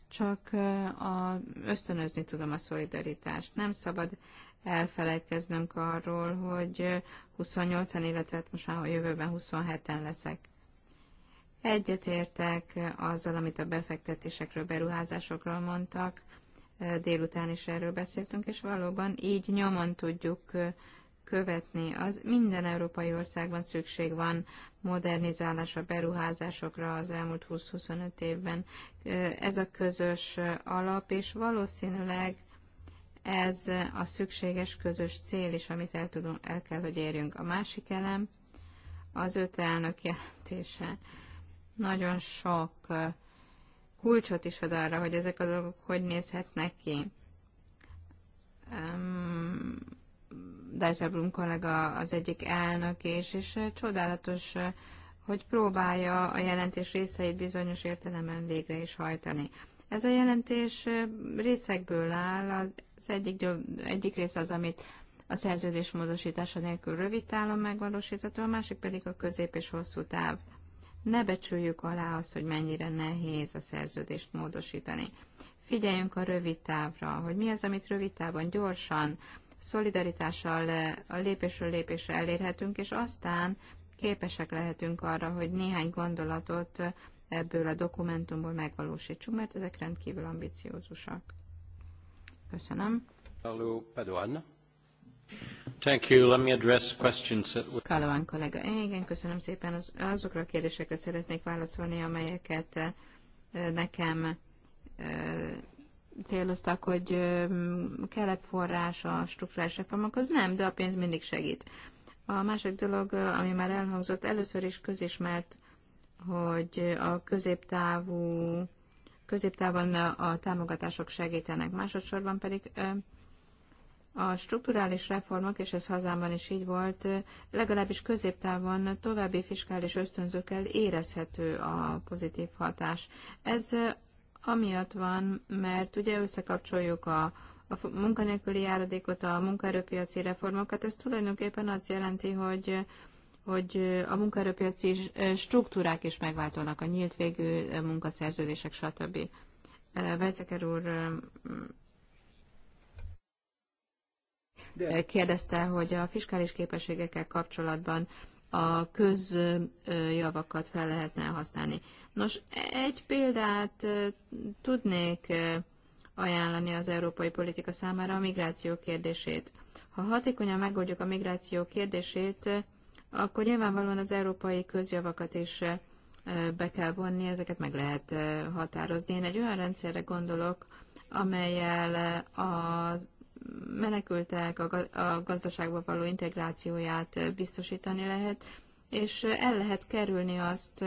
csak a, ösztönözni tudom a szolidaritást. Nem szabad elfelejtkeznünk arról, hogy 28-an, illetve hát most már a jövőben 27-en leszek. Egyetértek azzal, amit a befektetésekről, beruházásokról mondtak, délután is erről beszéltünk, és valóban így nyomon tudjuk követni. Az minden európai országban szükség van modernizálásra, beruházásokra az elmúlt 20-25 évben. Ez a közös alap, és valószínűleg ez a szükséges közös cél is, amit el, tudunk, el kell, hogy érjünk. A másik elem az öt elnök jelentése. Nagyon sok kulcsot is ad arra, hogy ezek a dolgok hogy nézhetnek ki. Dijsselbloem kollega az egyik elnök és, és eh, csodálatos, eh, hogy próbálja a jelentés részeit bizonyos értelemben végre is hajtani. Ez a jelentés eh, részekből áll, az egyik, egyik rész az, amit a szerződés módosítása nélkül rövid távon megvalósítható, a másik pedig a közép és hosszú táv. Ne becsüljük alá azt, hogy mennyire nehéz a szerződést módosítani. Figyeljünk a rövid távra, hogy mi az, amit rövid távon gyorsan, szolidaritással a lépésről lépésre elérhetünk, és aztán képesek lehetünk arra, hogy néhány gondolatot ebből a dokumentumból megvalósítsunk, mert ezek rendkívül ambiciózusak. Köszönöm. Thank you. Let me address questions that were... Kalavan kollega. Igen, köszönöm szépen. Az, azokra a kérdésekre szeretnék válaszolni, amelyeket eh, nekem eh, céloztak, hogy kelep forrás a reformok, reformokhoz. Nem, de a pénz mindig segít. A másik dolog, ami már elhangzott, először is közismert, hogy a középtávú, középtávon a támogatások segítenek. Másodszorban pedig a strukturális reformok, és ez hazámban is így volt, legalábbis középtávon további fiskális ösztönzőkkel érezhető a pozitív hatás. Ez Amiatt van, mert ugye összekapcsoljuk a, a munkanélküli járadékot, a munkaerőpiaci reformokat, ez tulajdonképpen azt jelenti, hogy hogy a munkaerőpiaci struktúrák is megváltoznak, a nyílt végű munkaszerződések, stb. Vezeker úr kérdezte, hogy a fiskális képességekkel kapcsolatban a közjavakat fel lehetne használni. Nos, egy példát tudnék ajánlani az európai politika számára a migráció kérdését. Ha hatékonyan megoldjuk a migráció kérdését, akkor nyilvánvalóan az európai közjavakat is be kell vonni, ezeket meg lehet határozni. Én egy olyan rendszerre gondolok, amelyel az menekültek a gazdaságba való integrációját biztosítani lehet, és el lehet kerülni azt,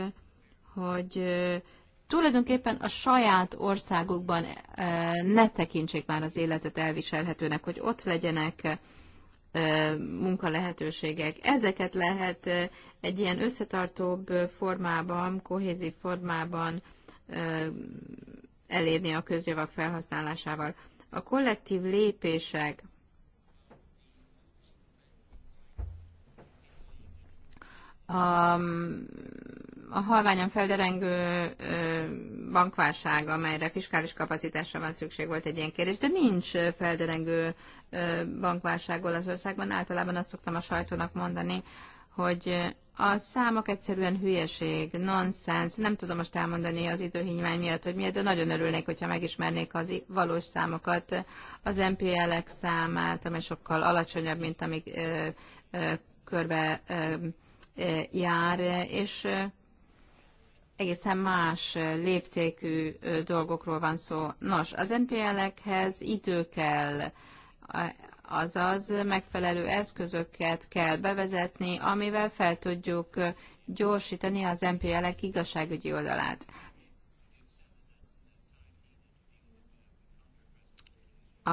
hogy tulajdonképpen a saját országukban ne tekintsék már az életet elviselhetőnek, hogy ott legyenek munkalehetőségek. Ezeket lehet egy ilyen összetartóbb formában, kohézív formában elérni a közjavak felhasználásával. A kollektív lépések a, a halványan felderengő bankválság, amelyre fiskális kapacitásra van szükség, volt egy ilyen kérdés, de nincs felderengő bankválságol az országban. Általában azt szoktam a sajtónak mondani, hogy a számok egyszerűen hülyeség, nonsens, nem tudom most elmondani az időhínymány miatt, hogy miért, de nagyon örülnék, hogyha megismernék az valós számokat, az MPL-ek számát, amely sokkal alacsonyabb, mint amik ö, ö, körbe ö, ö, jár, és egészen más léptékű dolgokról van szó. Nos, az NPL-ekhez idő kell, azaz megfelelő eszközöket kell bevezetni, amivel fel tudjuk gyorsítani az MPL-ek igazságügyi oldalát. A,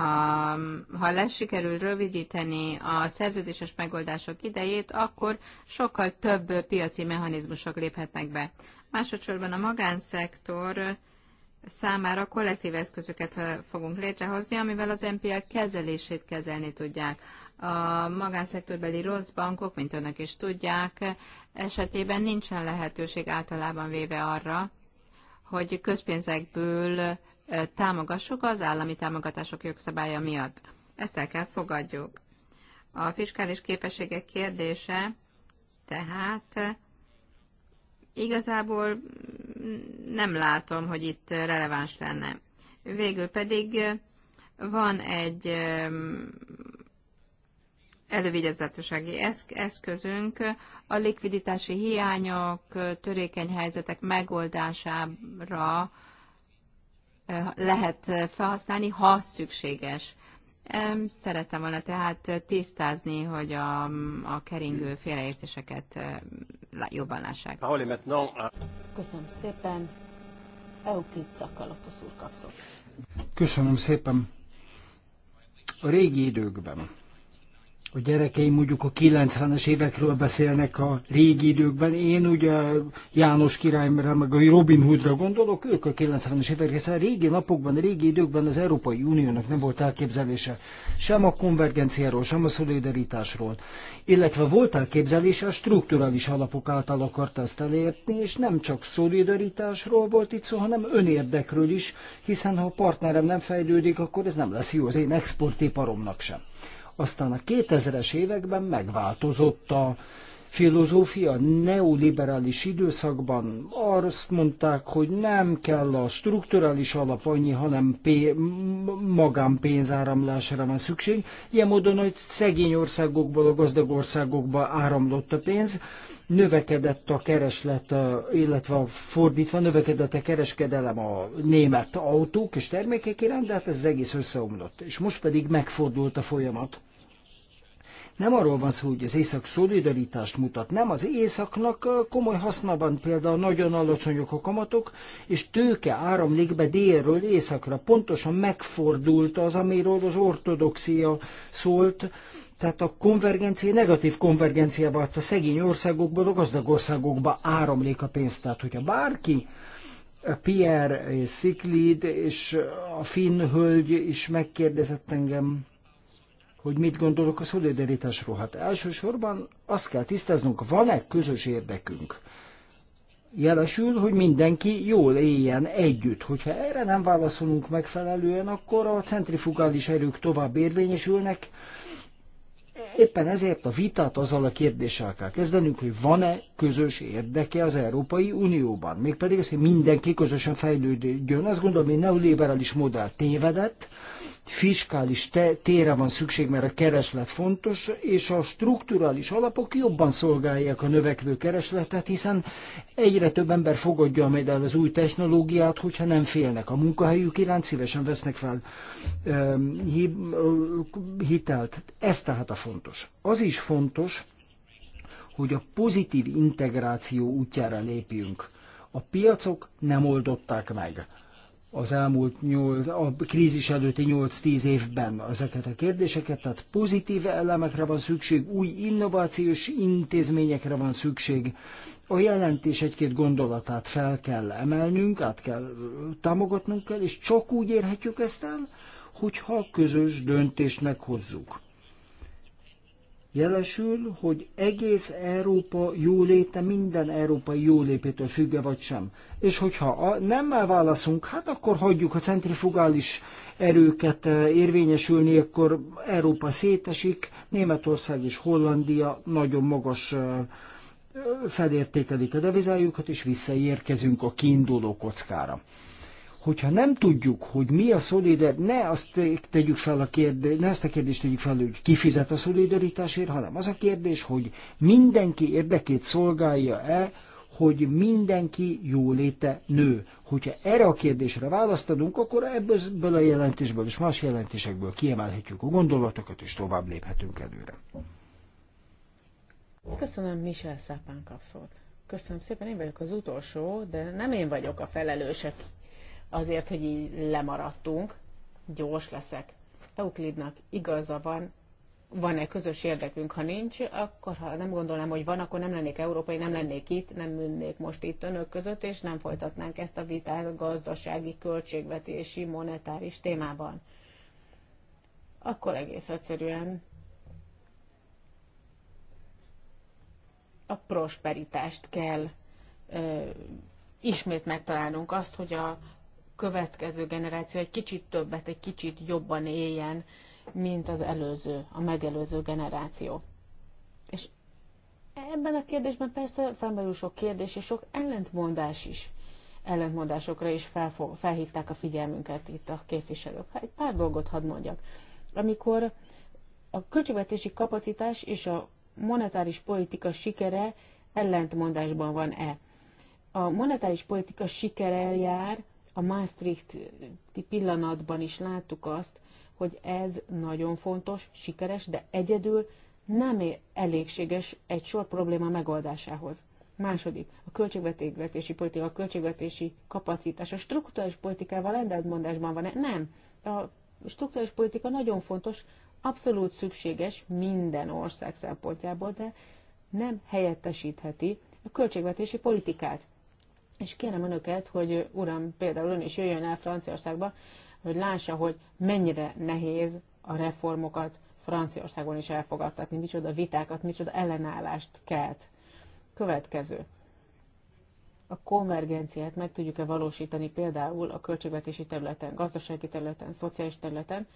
ha lesz sikerül rövidíteni a szerződéses megoldások idejét, akkor sokkal több piaci mechanizmusok léphetnek be. Másodszorban a magánszektor számára kollektív eszközöket fogunk létrehozni, amivel az NPL kezelését kezelni tudják. A magánszektorbeli rossz bankok, mint önök is tudják, esetében nincsen lehetőség általában véve arra, hogy közpénzekből támogassuk az állami támogatások jogszabálya miatt. Ezt el kell fogadjuk. A fiskális képességek kérdése tehát Igazából mm, nem látom, hogy itt releváns lenne. Végül pedig van egy elővigyázatossági eszközünk a likviditási hiányok, törékeny helyzetek megoldására lehet felhasználni, ha szükséges. Szerettem volna tehát tisztázni, hogy a, a keringő félreértéseket jobban lássák. Köszönöm szépen. Euklid Szakalotos úr kapszott. Köszönöm szépen. A régi időkben a gyerekeim mondjuk a 90-es évekről beszélnek a régi időkben. Én ugye János királyra, meg a Robin Hoodra gondolok, ők a 90-es évek, hiszen régi napokban, régi időkben az Európai Uniónak nem volt elképzelése sem a konvergenciáról, sem a szolidaritásról. Illetve volt elképzelése, a strukturális alapok által akart ezt elérni, és nem csak szolidaritásról volt itt szó, hanem önérdekről is, hiszen ha a partnerem nem fejlődik, akkor ez nem lesz jó az én exportiparomnak sem. Aztán a 2000-es években megváltozott a filozófia neoliberális időszakban azt mondták, hogy nem kell a strukturális alap annyi, hanem pé- magánpénzáramlásra van szükség. Ilyen módon, hogy szegény országokból a gazdag országokba áramlott a pénz, növekedett a kereslet, illetve a fordítva növekedett a kereskedelem a német autók és termékek iránt, de hát ez egész összeomlott. És most pedig megfordult a folyamat nem arról van szó, hogy az Észak szolidaritást mutat, nem az Északnak komoly haszna van például nagyon alacsonyok a kamatok, és tőke áramlik be délről északra. Pontosan megfordult az, amiről az ortodoxia szólt, tehát a konvergencia, negatív konvergenciába, hát a szegény országokból a gazdag országokba áramlik a pénz. Tehát, hogyha bárki Pierre Sziklid és a finn hölgy is megkérdezett engem hogy mit gondolok a szolidaritásról. Hát elsősorban azt kell tisztáznunk, van-e közös érdekünk. Jelesül, hogy mindenki jól éljen együtt. Hogyha erre nem válaszolunk megfelelően, akkor a centrifugális erők tovább érvényesülnek. Éppen ezért a vitát azzal a kérdéssel kell kezdenünk, hogy van-e közös érdeke az Európai Unióban. Mégpedig az, hogy mindenki közösen fejlődjön. Azt gondolom, hogy neoliberális modell tévedett, fiskális tére van szükség, mert a kereslet fontos, és a strukturális alapok jobban szolgálják a növekvő keresletet, hiszen egyre több ember fogadja majd el az új technológiát, hogyha nem félnek a munkahelyük iránt, szívesen vesznek fel um, hitelt. Ez tehát a fontos. Az is fontos, hogy a pozitív integráció útjára lépjünk. A piacok nem oldották meg az elmúlt nyolc, a krízis előtti 8-10 évben ezeket a kérdéseket, tehát pozitív elemekre van szükség, új innovációs intézményekre van szükség. A jelentés egy-két gondolatát fel kell emelnünk, át kell támogatnunk kell, és csak úgy érhetjük ezt el, hogyha közös döntést meghozzuk jelesül, hogy egész Európa jóléte minden európai jólépétől függe vagy sem. És hogyha a, nem válaszunk, hát akkor hagyjuk a centrifugális erőket eh, érvényesülni, akkor Európa szétesik, Németország és Hollandia nagyon magas eh, felértékelik a devizájukat, és visszaérkezünk a kiinduló kockára. Hogyha nem tudjuk, hogy mi a szolidar, ne azt tegyük fel a kérdést, ne ezt a kérdést tegyük fel, hogy ki fizet a szolidaritásért, hanem az a kérdés, hogy mindenki érdekét szolgálja-e, hogy mindenki jóléte nő. Hogyha erre a kérdésre választ adunk, akkor ebből a jelentésből és más jelentésekből kiemelhetjük a gondolatokat, és tovább léphetünk előre. Köszönöm, Michel Szápán kapszót. Köszönöm szépen, én vagyok az utolsó, de nem én vagyok a felelősek azért, hogy így lemaradtunk. Gyors leszek. Euklidnak igaza van, van-e közös érdekünk? Ha nincs, akkor ha nem gondolnám, hogy van, akkor nem lennék európai, nem lennék itt, nem ülnék most itt önök között, és nem folytatnánk ezt a vitát gazdasági, költségvetési, monetáris témában. Akkor egész egyszerűen a prosperitást kell ö, ismét megtalálnunk azt, hogy a következő generáció egy kicsit többet, egy kicsit jobban éljen, mint az előző, a megelőző generáció. És ebben a kérdésben persze felmerül sok kérdés és sok ellentmondás is. Ellentmondásokra is felfog, felhívták a figyelmünket itt a képviselők. Hát egy pár dolgot hadd mondjak. Amikor a költségvetési kapacitás és a monetáris politika sikere ellentmondásban van-e? A monetáris politika sikere jár a Maastrichti pillanatban is láttuk azt, hogy ez nagyon fontos, sikeres, de egyedül nem elégséges egy sor probléma megoldásához. Második, a költségvetési politika, a költségvetési kapacitás a strukturális politikával ellentmondásban van-e? Nem. A strukturális politika nagyon fontos, abszolút szükséges minden ország szempontjából, de nem helyettesítheti a költségvetési politikát. És kérem önöket, hogy uram, például ön is jöjjön el Franciaországba, hogy lássa, hogy mennyire nehéz a reformokat Franciaországon is elfogadtatni, micsoda vitákat, micsoda ellenállást kelt. Következő. A konvergenciát meg tudjuk-e valósítani például a költségvetési területen, gazdasági területen, szociális területen,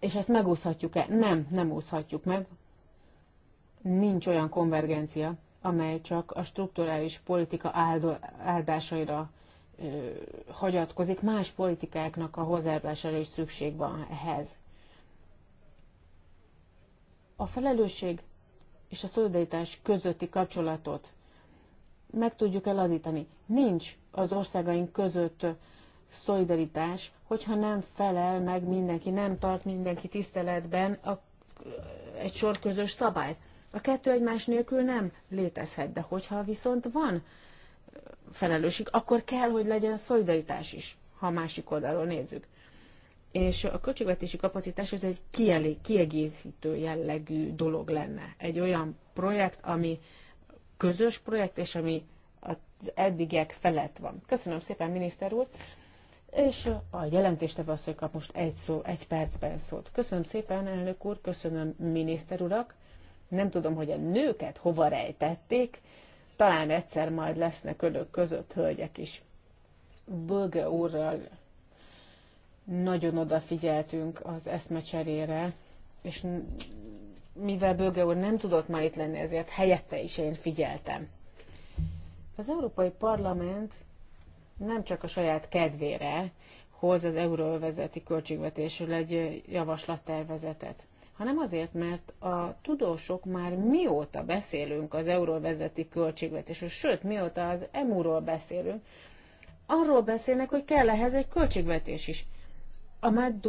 és ezt megúszhatjuk-e? Nem, nem úszhatjuk meg. Nincs olyan konvergencia, amely csak a strukturális politika áldásaira ö, hagyatkozik, más politikáknak a hozzájárulására is szükség van ehhez. A felelősség és a szolidaritás közötti kapcsolatot meg tudjuk elazítani. Nincs az országaink között szolidaritás, hogyha nem felel meg mindenki, nem tart mindenki tiszteletben a, egy sor közös szabályt. A kettő egymás nélkül nem létezhet, de hogyha viszont van felelősség, akkor kell, hogy legyen szolidaritás is, ha a másik oldalról nézzük. És a költségvetési kapacitás ez egy kielég, kiegészítő jellegű dolog lenne. Egy olyan projekt, ami közös projekt, és ami az eddigek felett van. Köszönöm szépen, miniszter úr! És a jelentéstevő hogy kap most egy szó, egy percben szólt. Köszönöm szépen, elnök úr, köszönöm miniszter urak. Nem tudom, hogy a nőket hova rejtették, talán egyszer majd lesznek önök között hölgyek is. Böge úrral nagyon odafigyeltünk az eszmecserére, és mivel Böge úr nem tudott ma itt lenni, ezért helyette is én figyeltem. Az Európai Parlament nem csak a saját kedvére hoz az euróvezeti költségvetésről egy javaslattervezetet hanem azért, mert a tudósok már mióta beszélünk az euróvezeti költségvetésről, sőt, mióta az EMU-ról beszélünk, arról beszélnek, hogy kell ehhez egy költségvetés is. A Matt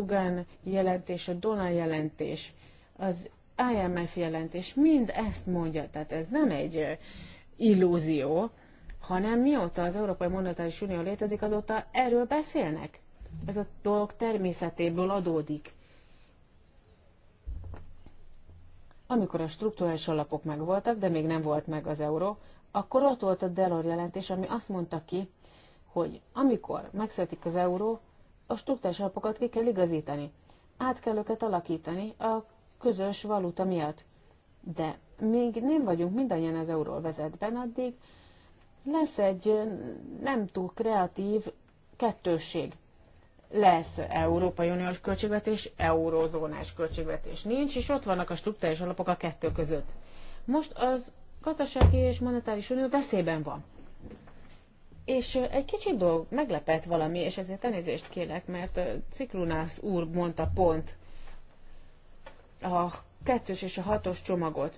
jelentés, a Dona jelentés, az IMF jelentés, mind ezt mondja, tehát ez nem egy illúzió, hanem mióta az Európai Monetáris Unió létezik, azóta erről beszélnek. Ez a dolog természetéből adódik. Amikor a strukturális alapok megvoltak, de még nem volt meg az euró, akkor ott volt a Delor jelentés, ami azt mondta ki, hogy amikor megszületik az euró, a struktúrális alapokat ki kell igazítani. Át kell őket alakítani a közös valuta miatt. De még nem vagyunk mindannyian az euró vezetben, addig lesz egy nem túl kreatív kettősség lesz Európai Uniós költségvetés, eurózónás költségvetés nincs, és ott vannak a struktúrális alapok a kettő között. Most az gazdasági és monetáris unió veszélyben van. És egy kicsit dolg meglepett valami, és ezért elnézést kérek, mert Ciklunász úr mondta pont a kettős és a hatos csomagot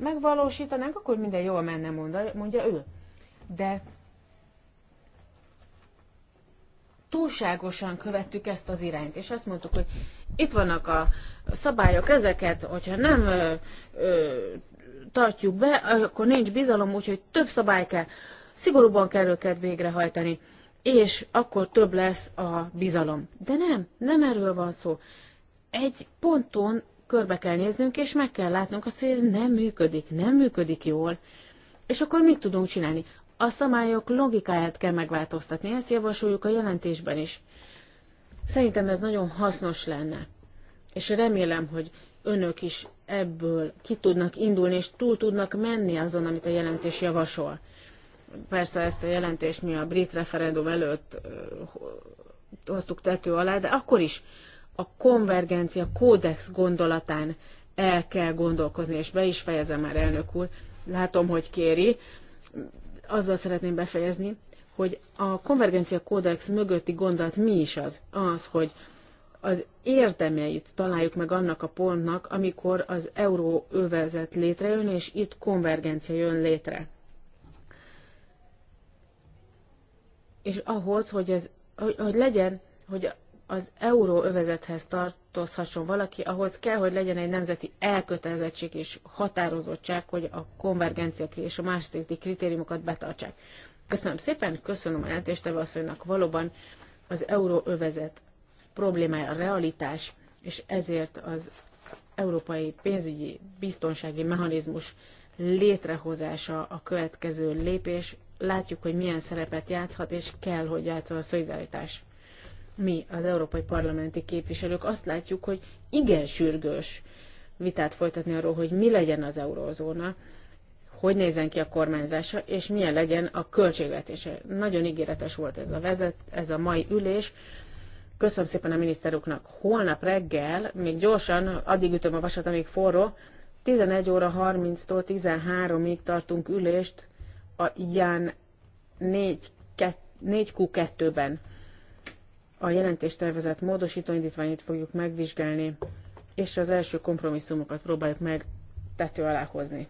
megvalósítanánk, akkor minden jól menne, mondja, mondja ő. De túlságosan követtük ezt az irányt, és azt mondtuk, hogy itt vannak a szabályok, ezeket, hogyha nem ö, ö, tartjuk be, akkor nincs bizalom, úgyhogy több szabály kell, szigorúban kell őket végrehajtani, és akkor több lesz a bizalom. De nem, nem erről van szó. Egy ponton körbe kell néznünk, és meg kell látnunk azt, hogy ez nem működik, nem működik jól. És akkor mit tudunk csinálni? a szabályok logikáját kell megváltoztatni, ezt javasoljuk a jelentésben is. Szerintem ez nagyon hasznos lenne, és remélem, hogy önök is ebből ki tudnak indulni, és túl tudnak menni azon, amit a jelentés javasol. Persze ezt a jelentést mi a brit referendum előtt hoztuk tető alá, de akkor is a konvergencia kódex gondolatán el kell gondolkozni, és be is fejezem már elnök úr, látom, hogy kéri azzal szeretném befejezni, hogy a konvergencia kódex mögötti gondolat mi is az? Az, hogy az érdemeit találjuk meg annak a pontnak, amikor az euróövezet létrejön, és itt konvergencia jön létre. És ahhoz, hogy, ez, hogy, hogy legyen, hogy az euróövezethez tart, tartozhasson valaki, ahhoz kell, hogy legyen egy nemzeti elkötelezettség és határozottság, hogy a konvergencia és a másik kritériumokat betartsák. Köszönöm szépen, köszönöm a jelentéstevő asszonynak valóban az euróövezet problémája a realitás, és ezért az európai pénzügyi biztonsági mechanizmus létrehozása a következő lépés. Látjuk, hogy milyen szerepet játszhat, és kell, hogy játszol a szolidaritás mi, az európai parlamenti képviselők azt látjuk, hogy igen sürgős vitát folytatni arról, hogy mi legyen az eurózóna, hogy nézzen ki a kormányzása, és milyen legyen a költségvetése. Nagyon ígéretes volt ez a vezet, ez a mai ülés. Köszönöm szépen a miniszteruknak. Holnap reggel, még gyorsan, addig ütöm a vasat, amíg forró, 11 óra 30-tól 13-ig tartunk ülést a Ján 4, 4Q2-ben a jelentéstervezet módosító indítványait fogjuk megvizsgálni, és az első kompromisszumokat próbáljuk meg tető alá hozni.